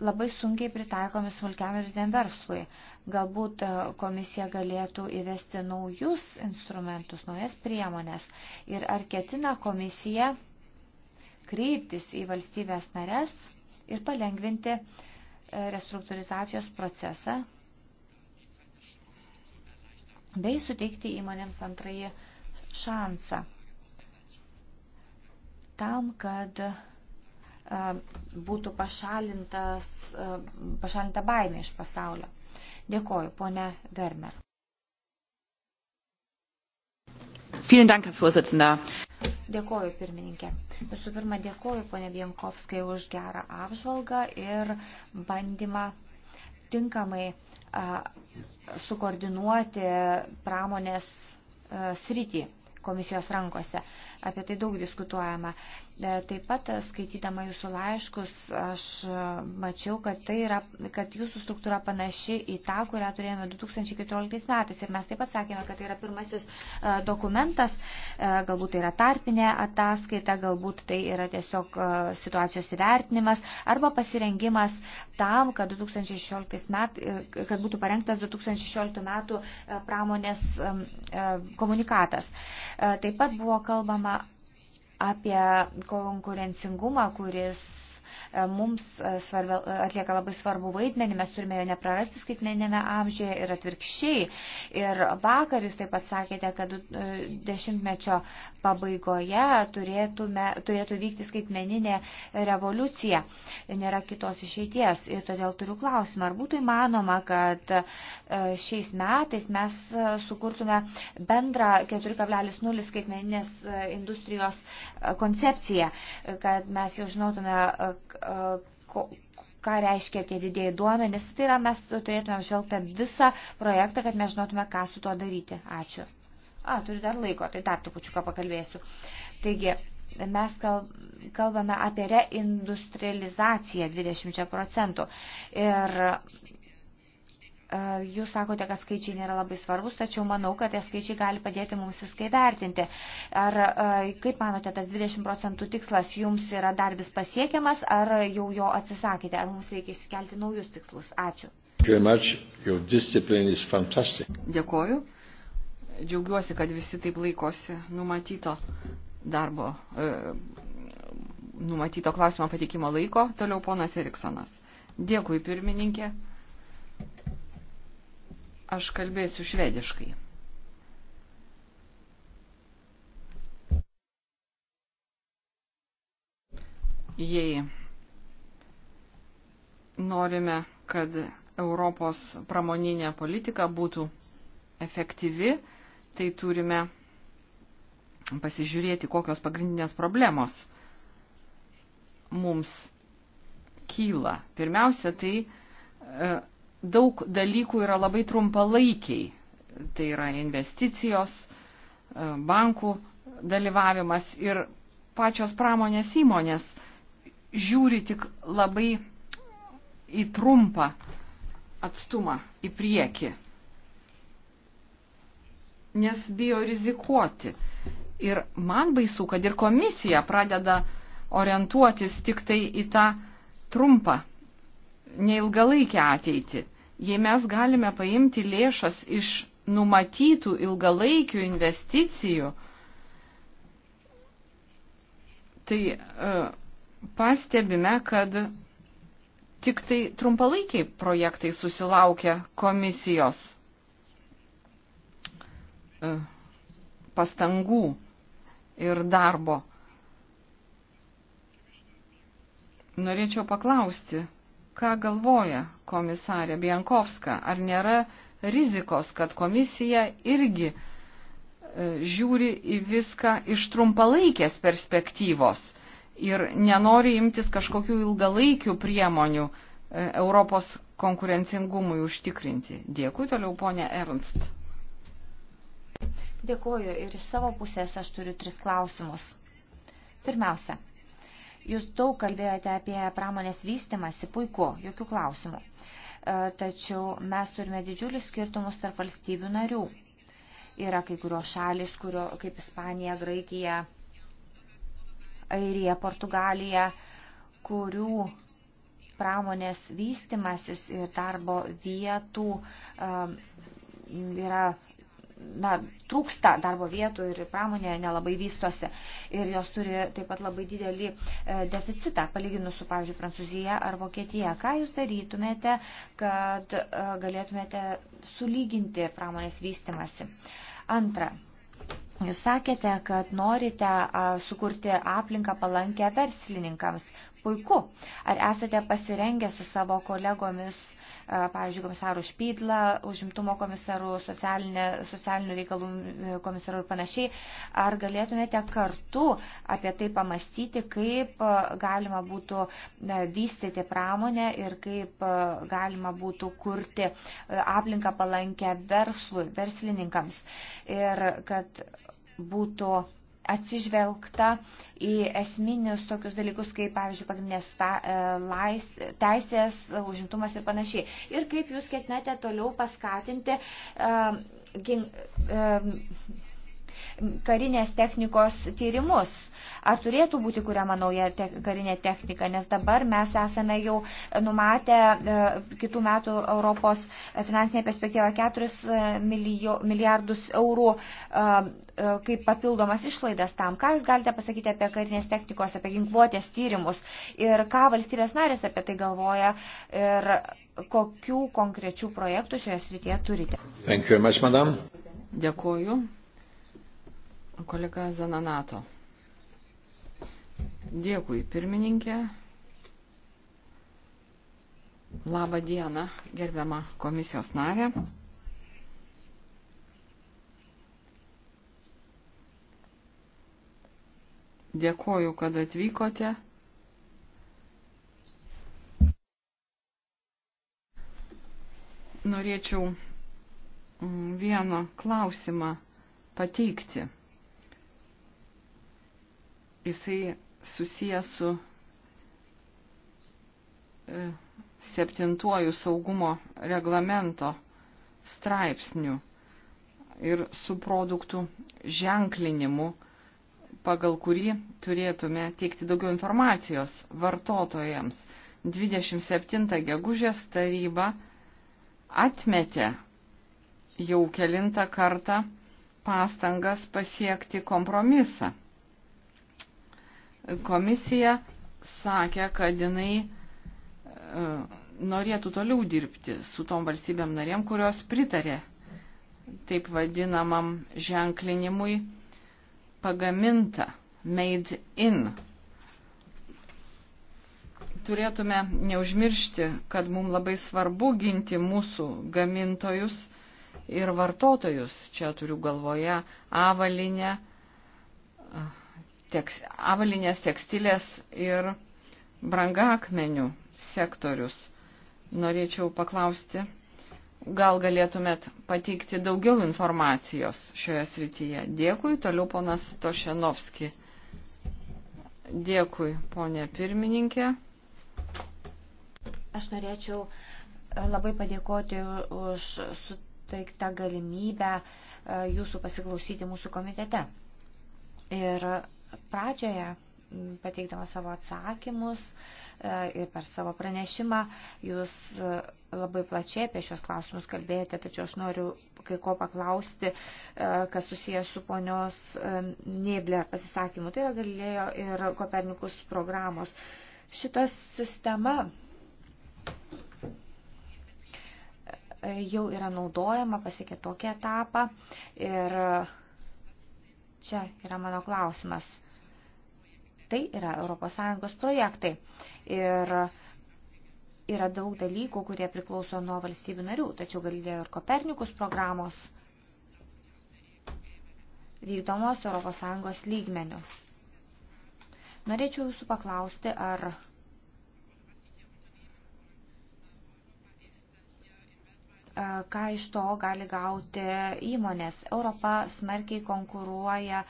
Speaker 3: labai sunkiai pritaikomi smulkiam ir didėm verslui. Galbūt e, komisija galėtų įvesti naujus instrumentus, naujas priemonės. Ir ar ketina komisija kreiptis į valstybės nares ir palengvinti e, restruktūrizacijos procesą bei suteikti įmonėms antrąjį šansą tam, kad būtų pašalinta baimė iš pasaulio. Dėkoju, ponė Vermer. Dėkoju, pirmininkė. Visų pirma, dėkoju, ponė Bienkovskai, už gerą apžvalgą ir bandymą tinkamai a, sukoordinuoti pramonės a, sritį komisijos rankose. A, apie tai daug diskutuojama. E, taip pat e, skaitydama jūsų laiškus, aš e, mačiau, kad, tai yra, kad jūsų struktūra panaši į tą, kurią turėjome 2014 metais. Ir mes taip pat sakėme, kad tai yra pirmasis dokumentas, galbūt tai yra tarpinė ataskaita, galbūt tai yra tiesiog situacijos įvertinimas arba pasirengimas tam, kad, 2016 met, kad būtų parengtas 2016 metų pramonės komunikatas. Taip pat buvo kalbama apie konkurencingumą, kuris E, mums e, svarbia, e, atlieka labai svarbu vaidmenį, mes turime jo neprarasti skaitmeninėme amžiuje ir atvirkščiai. Ir vakar jūs taip pat sakėte, kad dešimtmečio pabaigoje turėtume, turėtų vykti skaitmeninė revoliucija. Nėra kitos išeities. Ir todėl turiu klausimą, ar būtų įmanoma, kad šiais metais mes sukurtume bendrą 4,0 skaitmeninės industrijos koncepciją, kad mes jau žinotume, ką reiškia tie didėjai duomenys. Tai yra, mes turėtume apžvelgti visą projektą, kad mes žinotume, ką su tuo daryti. Ačiū. A, turiu dar laiko, tai dar trupučiuką pakalbėsiu. Taigi, mes kalbame apie reindustrializaciją 20 procentų. Ir Jūs sakote, kad skaičiai nėra labai svarbus, tačiau manau, kad tie skaičiai gali padėti mums viską įvertinti. Ar, kaip manote, tas 20 procentų tikslas jums yra dar vis pasiekiamas, ar jau jo atsisakėte, ar mums reikia išsikelti naujus tikslus? Ačiū.
Speaker 1: Dėkoju. Džiaugiuosi, kad visi taip laikosi
Speaker 3: numatyto
Speaker 1: darbo, e, numatyto klausimo patikimo laiko. Toliau ponas Eriksonas. Dėkui, pirmininkė. Aš kalbėsiu švediškai. Jei norime, kad Europos pramoninė politika būtų efektyvi, tai turime pasižiūrėti, kokios pagrindinės problemos mums kyla. Pirmiausia, tai e, daug dalykų yra labai trumpalaikiai. Tai yra investicijos, e, bankų dalyvavimas ir pačios pramonės įmonės žiūri tik labai į trumpą atstumą į priekį, nes bijo rizikuoti. Ir man baisu, kad ir komisija pradeda orientuotis tik tai į tą trumpą neilgalaikę ateitį. Jei mes galime paimti lėšas iš numatytų ilgalaikių investicijų, tai uh, pastebime, kad tik tai trumpalaikiai projektai susilaukia komisijos uh, pastangų ir darbo. Norėčiau paklausti, ką galvoja komisarė Bienkovska. Ar nėra rizikos, kad komisija irgi e, žiūri į viską iš trumpalaikės perspektyvos ir nenori imtis kažkokių ilgalaikių priemonių e, Europos konkurencingumui užtikrinti. Dėkui toliau, ponė
Speaker 3: Ernst. Dėkuoju ir iš savo pusės aš turiu tris klausimus. Pirmiausia, Jūs daug kalbėjote apie pramonės vystimąsi, puiku, jokių klausimų. E, tačiau mes turime didžiulius skirtumus tarp valstybių narių. Yra kai kurios šalis, kurio, kaip Ispanija, Graikija, Airija, Portugalija, kurių pramonės vystimasis ir darbo vietų um, yra na, trūksta darbo vietų ir pramonė nelabai vystosi. Ir jos turi taip pat labai didelį e, deficitą, palyginus su, pavyzdžiui, Prancūzija ar Vokietija. Ką jūs darytumėte, kad e, galėtumėte sulyginti pramonės vystimasi? Antra. Jūs sakėte, kad norite sukurti aplinką palankę verslininkams, puiku. Ar esate pasirengę su savo kolegomis, e, pavyzdžiui, komisaru Špydla, užimtumo komisaru, socialinių reikalų e, komisaru ir panašiai, ar galėtumėte kartu apie tai pamastyti, kaip e, galima būtų vystyti pramonę ir kaip galima būtų kurti aplinką palankę verslui, verslininkams. Ir kad būtų atsižvelgta į esminius tokius dalykus, kaip, pavyzdžiui, pagrindinės ta, e, lais, teisės, užimtumas ir panašiai. Ir kaip jūs ketinate toliau paskatinti uh, gin, uh, karinės technikos tyrimus. Ar turėtų būti kuriama nauja te karinė technika, nes dabar mes esame jau numatę e, kitų metų Europos finansinė perspektyva 4 e, milijo, milijardus eurų e, e, kaip papildomas išlaidas tam. Ką Jūs galite pasakyti apie karinės technikos, apie ginkluotės tyrimus ir ką valstybės narės apie tai galvoja ir kokių konkrečių projektų šioje srityje turite? Much, Dėkuoju. Kolega Zananato.
Speaker 1: Dėkui, pirmininkė. Labą dieną, gerbiama komisijos narė. Dėkoju, kad atvykote. Norėčiau mm, vieną klausimą pateikti. Jisai susijęs su e, septintuoju saugumo reglamento straipsniu ir su produktų ženklinimu, pagal kurį turėtume teikti daugiau informacijos vartotojams. 27 gegužės taryba atmetė jau kelintą kartą pastangas pasiekti kompromisą. Komisija sakė, kad jinai e, norėtų toliau dirbti su tom valstybėm narėm, kurios pritarė taip vadinamam ženklinimui pagaminta, made in. Turėtume neužmiršti, kad mums labai svarbu ginti mūsų gamintojus ir vartotojus. Čia turiu galvoje avalinę, teks, avalinės tekstilės ir brangakmenių sektorius. Norėčiau paklausti, gal galėtumėt pateikti daugiau informacijos šioje srityje. Dėkui, toliau ponas Tošenovski. Dėkui, ponė pirmininkė.
Speaker 3: Aš norėčiau e, labai padėkoti už suteiktą galimybę e, jūsų pasiklausyti mūsų komitete. Ir pradžioje, pateikdama savo atsakymus e, ir per savo pranešimą, jūs e, labai plačiai apie šios klausimus kalbėjote, tačiau aš noriu kai ko paklausti, e, kas susijęs su ponios Nebler pasisakymu. Tai yra galėjo ir Kopernikus programos. Šita sistema jau yra naudojama, pasiekė tokį etapą ir Čia yra mano klausimas. Tai yra ES projektai. Ir yra daug dalykų, kurie priklauso nuo valstybių narių, tačiau galėjo ir Kopernikus programos vykdomos ES lygmenių. Norėčiau jūsų paklausti, ar E, ką iš to gali gauti įmonės. Europa smarkiai konkuruoja e,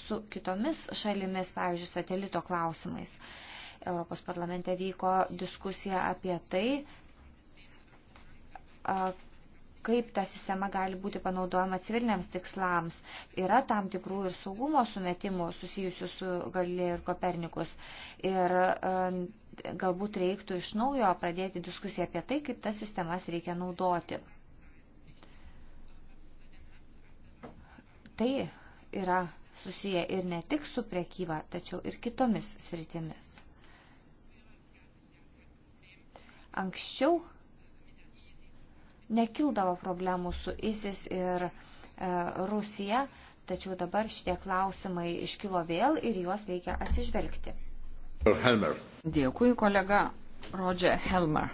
Speaker 3: su kitomis šalimis, pavyzdžiui, satelito klausimais. Europos parlamente vyko diskusija apie tai, e, kaip ta sistema gali būti panaudojama civiliniams tikslams. Yra tam tikrų ir saugumo sumetimų susijusių su Galilėju ir Kopernikus. Ir galbūt reiktų iš naujo pradėti diskusiją apie tai, kaip tas sistemas reikia naudoti. Tai yra susiję ir ne tik su priekyba, tačiau ir kitomis sritimis. Anksčiau nekildavo problemų su ISIS ir e, Rusija, tačiau dabar šitie klausimai iškilo vėl ir juos reikia atsižvelgti.
Speaker 1: Helmer. Dėkui, kolega Roger Helmer.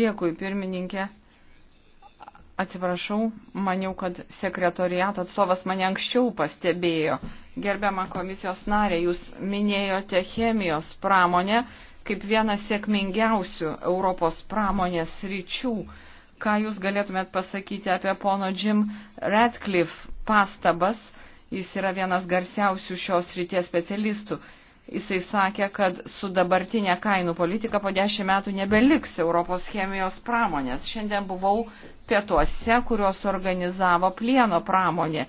Speaker 1: Dėkui, pirmininkė. Atsiprašau, maniau, kad sekretoriato atstovas mane anksčiau pastebėjo. Gerbiama komisijos narė, jūs minėjote chemijos pramonę kaip vieną sėkmingiausių Europos pramonės ryčių. Ką jūs galėtumėt pasakyti apie pono Jim Radcliffe pastabas? Jis yra vienas garsiausių šios ryties specialistų. Jisai sakė, kad su dabartinė kainų politika po dešimt metų nebeliks Europos chemijos pramonės. Šiandien buvau pietuose, kuriuos organizavo plieno pramonė.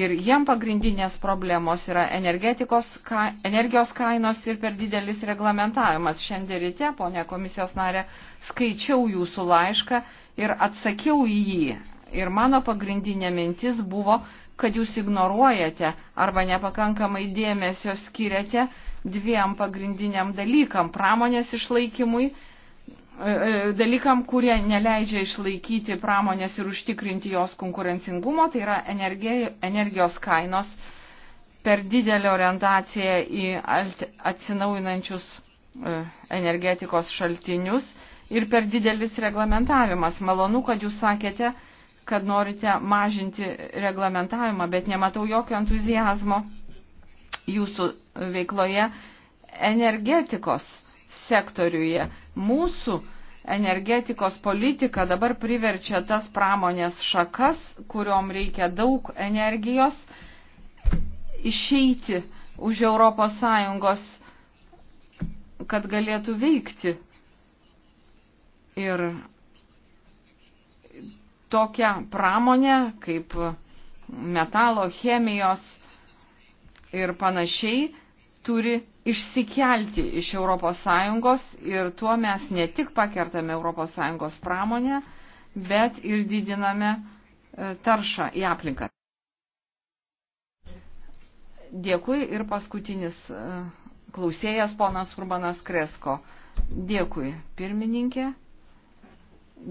Speaker 1: Ir jiem pagrindinės problemos yra ka, energijos kainos ir per didelis reglamentavimas. Šiandien ryte, ponė komisijos narė, skaičiau jūsų laišką ir atsakiau į jį. Ir mano pagrindinė mintis buvo, kad jūs ignoruojate arba nepakankamai dėmesio skiriate dviem pagrindiniam dalykam - pramonės išlaikymui, e, e, dalykam, kurie neleidžia išlaikyti pramonės ir užtikrinti jos konkurencingumo, tai yra energijos kainos per didelį orientaciją į atsinaujinančius e, energetikos šaltinius ir per didelis reglamentavimas. Malonu, kad jūs sakėte, kad norite mažinti reglamentavimą, bet nematau jokio entuzijazmo jūsų veikloje energetikos sektoriuje. Mūsų energetikos politika dabar priverčia tas pramonės šakas, kuriuom reikia daug energijos, išeiti už ES, kad galėtų veikti. Ir tokią pramonę kaip metalo, chemijos ir panašiai turi išsikelti iš ES ir tuo mes ne tik pakertame ES pramonę, bet ir didiname e, taršą į aplinką. Dėkui ir paskutinis e, klausėjas ponas Urbanas Kresko. Dėkui, pirmininkė.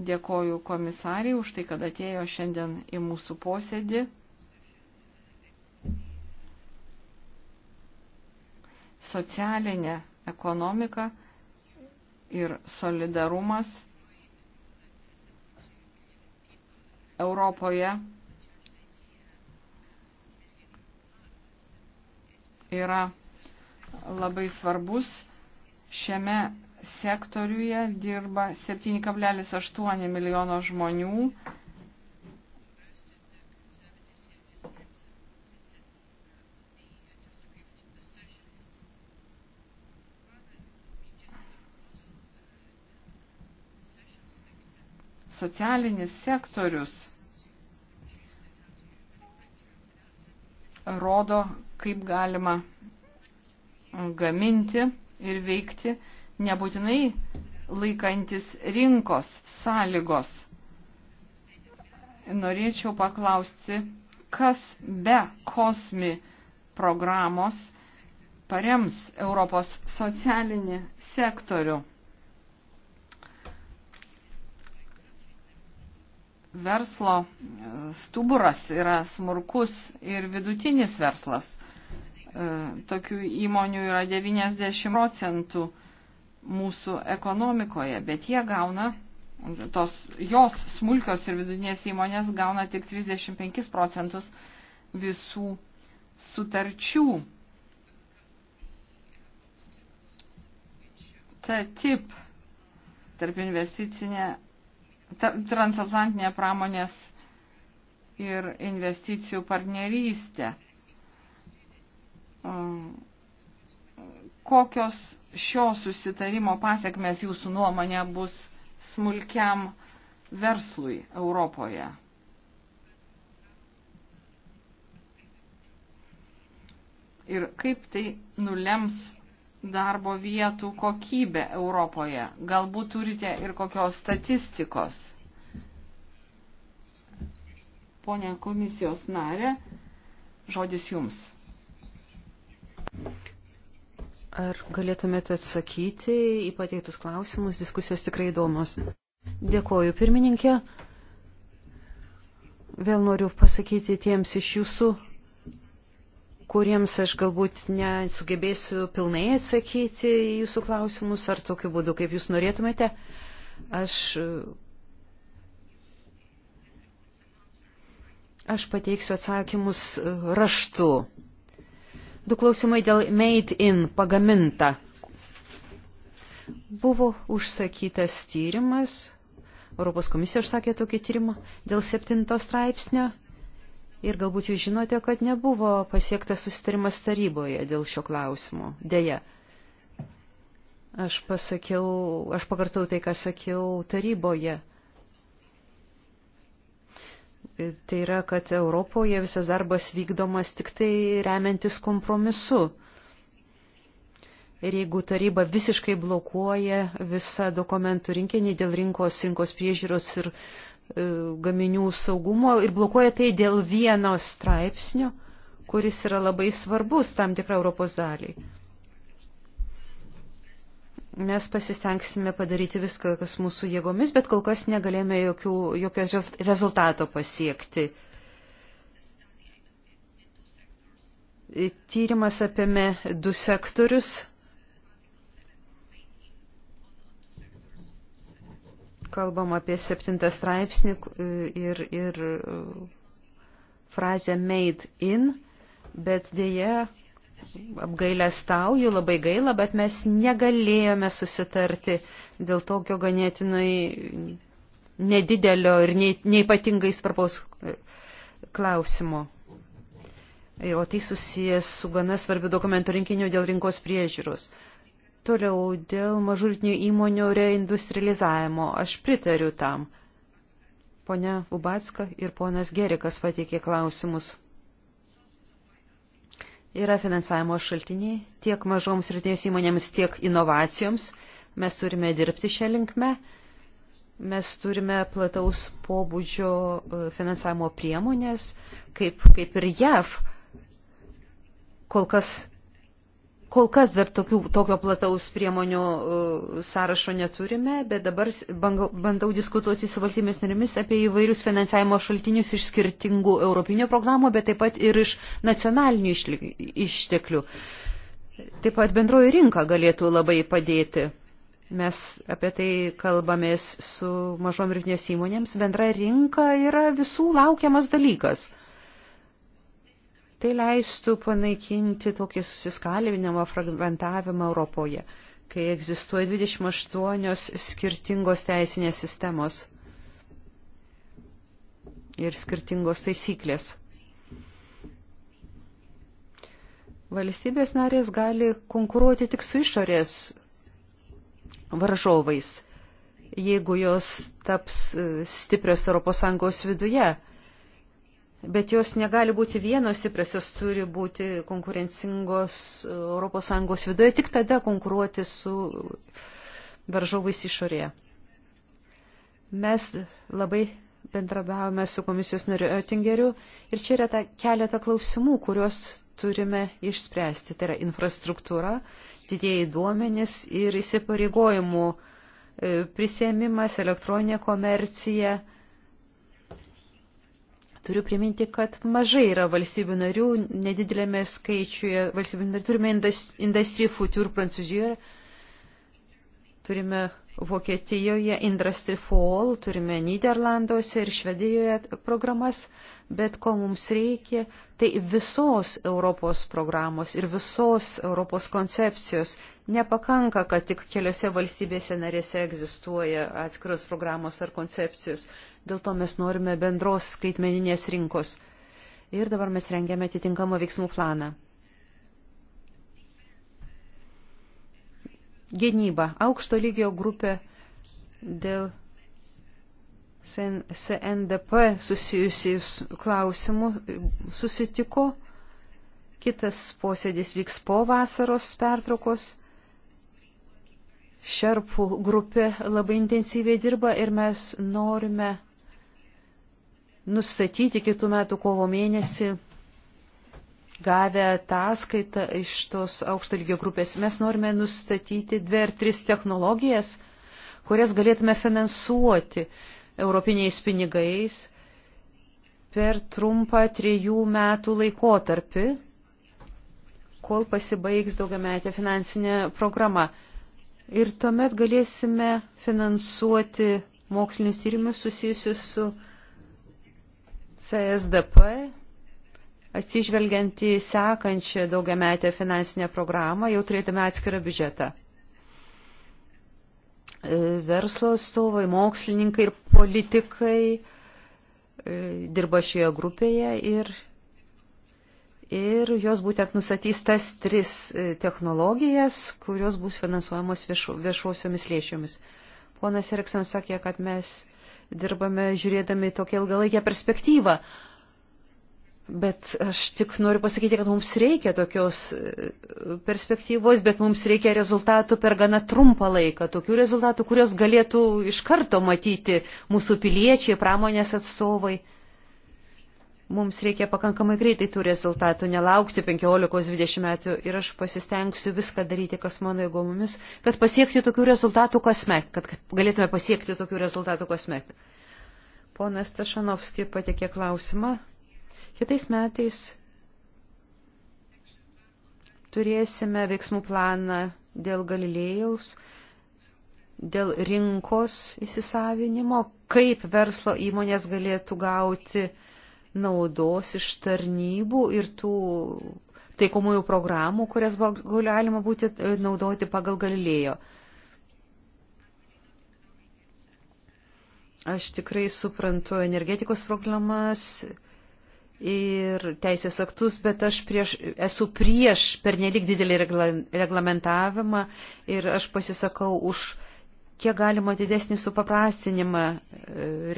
Speaker 1: Dėkoju komisariai už tai, kad atėjo šiandien į mūsų posėdį. Socialinė ekonomika ir solidarumas Europoje yra labai svarbus šiame sektoriuje dirba 7,8 milijono žmonių. Socialinis sektorius rodo, kaip galima gaminti ir veikti nebūtinai laikantis rinkos sąlygos. Norėčiau paklausti, kas be kosmi programos parems Europos socialinį sektorių. Verslo stuburas yra smurkus ir vidutinis verslas. E, tokių įmonių yra 90 procentų mūsų ekonomikoje, bet jie gauna, tos, jos smulkios ir vidutinės įmonės gauna tik 35 procentus visų sutarčių. Ta tip tarp investicinė, ta, transatlantinė pramonės ir investicijų partnerystė. Um, kokios šio susitarimo pasiekmes jūsų nuomonė bus smulkiam verslui Europoje? Ir kaip tai nulems darbo vietų kokybę Europoje? Galbūt turite ir kokios statistikos? Pone komisijos narė, žodis jums. Ar
Speaker 2: galėtumėte atsakyti į pateiktus klausimus? Diskusijos tikrai įdomios. Dėkoju, pirmininkė. Vėl noriu pasakyti tiems iš jūsų, kuriems aš galbūt nesugebėsiu pilnai atsakyti į jūsų klausimus ar tokiu būdu, kaip jūs norėtumėte. Aš, aš pateiksiu atsakymus raštu. Du klausimai dėl made in pagaminta. Buvo užsakytas tyrimas, Europos komisija užsakė tokį tyrimą dėl septinto straipsnio ir galbūt jūs žinote, kad nebuvo pasiektas susitarimas taryboje dėl šio klausimo. Deja, aš pasakiau, aš pakartau tai, ką sakiau taryboje. Tai yra, kad Europoje visas darbas vykdomas tik tai remiantis kompromisu. Ir jeigu taryba visiškai blokuoja visą dokumentų rinkinį dėl rinkos, rinkos priežiūros ir e, gaminių saugumo ir blokuoja tai dėl vieno straipsnio, kuris yra labai svarbus tam tikrą Europos daliai. Mes pasistengsime padaryti viską, kas mūsų jėgomis, bet kol kas negalėjome jokių, jokio rezultato pasiekti. Tyrimas apėmė du sektorius kalbam apie septintą straipsnį ir, ir frazę made in, bet dėje apgailę stauju, labai gaila, bet mes negalėjome susitarti dėl tokio ganėtinai nedidelio ir neipatingai svarbaus klausimo. O tai susijęs su gana svarbiu dokumentų rinkiniu dėl rinkos priežiūros. Toliau dėl mažultinių įmonių reindustrializavimo. Aš pritariu tam. Pone Ubatska ir ponas Gerikas pateikė klausimus yra finansavimo šaltiniai tiek mažoms ir tiems įmonėms, tiek inovacijoms. Mes turime dirbti šią linkmę. Mes turime plataus pobūdžio e, finansavimo priemonės, kaip, kaip ir JAV. Kol kas Kol kas dar tokių, tokio plataus priemonių uh, sąrašo neturime, bet dabar bandau diskutuoti su valstybės narimis apie įvairius finansavimo šaltinius iš skirtingų europinio programų, bet taip pat ir iš nacionalinių išteklių. Taip pat bendroji rinka galėtų labai padėti. Mes apie tai kalbamės su mažom ir įmonėms. Bendra rinka yra visų laukiamas dalykas. Tai leistų panaikinti tokį susiskalinimą, fragmentavimą Europoje, kai egzistuoja 28 skirtingos teisinės sistemos ir skirtingos taisyklės. Valstybės narės gali konkuruoti tik su išorės varžovais, jeigu jos taps stiprios ES viduje Bet jos negali būti vienos stiprios, jos turi būti konkurencingos ES viduje, tik tada konkuruoti su varžovais išorėje. Mes labai bendrabiavome su komisijos nariu Oettingeriu ir čia yra ta keletą klausimų, kuriuos turime išspręsti. Tai yra infrastruktūra, didėjai duomenis ir įsipareigojimų e, prisėmimas, elektroninė komercija Turiu priminti, kad mažai yra valstybių narių, nedidelėme skaičiuje valstybių narių. Turime Industry Future Prancūzijoje, turime Vokietijoje Industry Fall, turime Niderlanduose ir Švedijoje programas, bet ko mums reikia, tai visos Europos programos ir visos Europos koncepcijos. Nepakanka, kad tik keliose valstybėse narėse egzistuoja atskiros programos ar koncepcijos. Dėl to mes norime bendros skaitmeninės rinkos. Ir dabar mes rengiame atitinkamą veiksmų planą. Gynyba. Aukšto lygio grupė dėl CNDP susijusiais klausimų susitiko. Kitas posėdis vyks po vasaros pertraukos. Šerpų grupė labai intensyviai dirba ir mes norime nustatyti kitų metų kovo mėnesį gavę ataskaitą iš tos aukšto lygio grupės, mes norime nustatyti dvi ar tris technologijas, kurias galėtume finansuoti europiniais pinigais per trumpą trijų metų laikotarpį, kol pasibaigs daugiametė finansinė programa. Ir tuomet galėsime finansuoti mokslinis tyrimus susijusius su CSDP atsižvelgiant į sekančią daugiametę finansinę programą, jau turėtume atskirą biudžetą. E, verslo atstovai, mokslininkai ir politikai e, dirba šioje grupėje ir, ir jos būtent nusatys tas tris e, technologijas, kurios bus finansuojamos viešo, viešuosiomis lėšiomis. Ponas Erikson sakė, kad mes dirbame žiūrėdami tokią ilgalaikę perspektyvą. Bet aš tik noriu pasakyti, kad mums reikia tokios e, perspektyvos, bet mums reikia rezultatų per gana trumpą laiką, tokių rezultatų, kurios galėtų iš karto matyti mūsų piliečiai, pramonės atstovai. Mums reikia pakankamai greitai tų rezultatų, nelaukti 15-20 metų ir aš pasistengsiu viską daryti, kas mano įgomomis, kad pasiekti tokių rezultatų kasmet, kad galėtume pasiekti tokių rezultatų kasmet. Ponas Tašanovski patikė klausimą. Kitais metais turėsime veiksmų planą dėl Galilėjaus, dėl rinkos įsisavinimo, kaip verslo įmonės galėtų gauti naudos iš tarnybų ir tų taikomųjų programų, kurias galima būti e, naudoti pagal Galilėjo. Aš tikrai suprantu energetikos problemas, ir teisės aktus, bet aš prieš, esu prieš pernelik didelį regla, reglamentavimą ir aš pasisakau už kiek galima didesnį supaprastinimą e,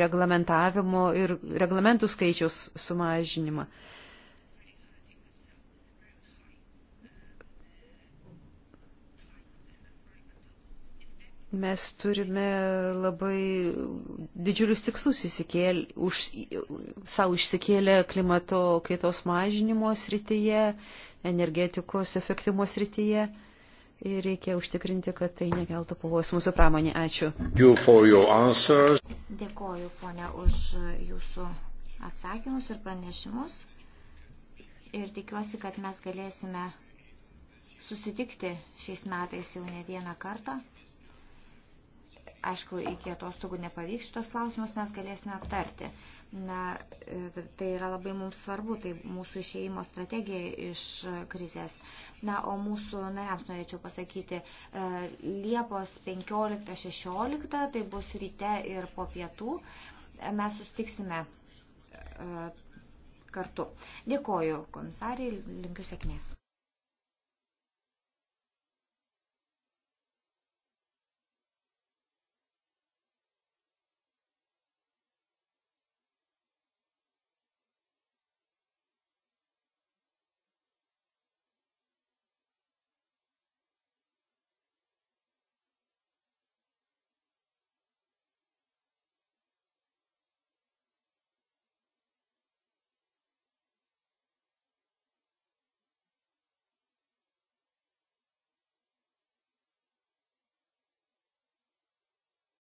Speaker 2: reglamentavimo ir reglamentų skaičiaus sumažinimą. Mes turime labai didžiulius tikslus įsikėl, už, savo išsikėlę klimato kaitos mažinimo srityje, energetikos efektyvumo srityje ir reikia užtikrinti, kad tai nekeltų pavojus mūsų pramonė. Ačiū.
Speaker 3: You Dėkoju, ponia, už jūsų atsakymus ir pranešimus ir tikiuosi, kad mes galėsime susitikti šiais metais jau ne vieną kartą aišku, iki atostogų nepavyks šitos klausimus, mes galėsime aptarti. Na, e, tai yra labai mums svarbu, tai mūsų išėjimo strategija iš krizės. Na, o mūsų nariams norėčiau pasakyti, e, Liepos 15-16, tai bus ryte ir po pietų, e, mes sustiksime kartu. Dėkoju komisariai, linkiu sėkmės.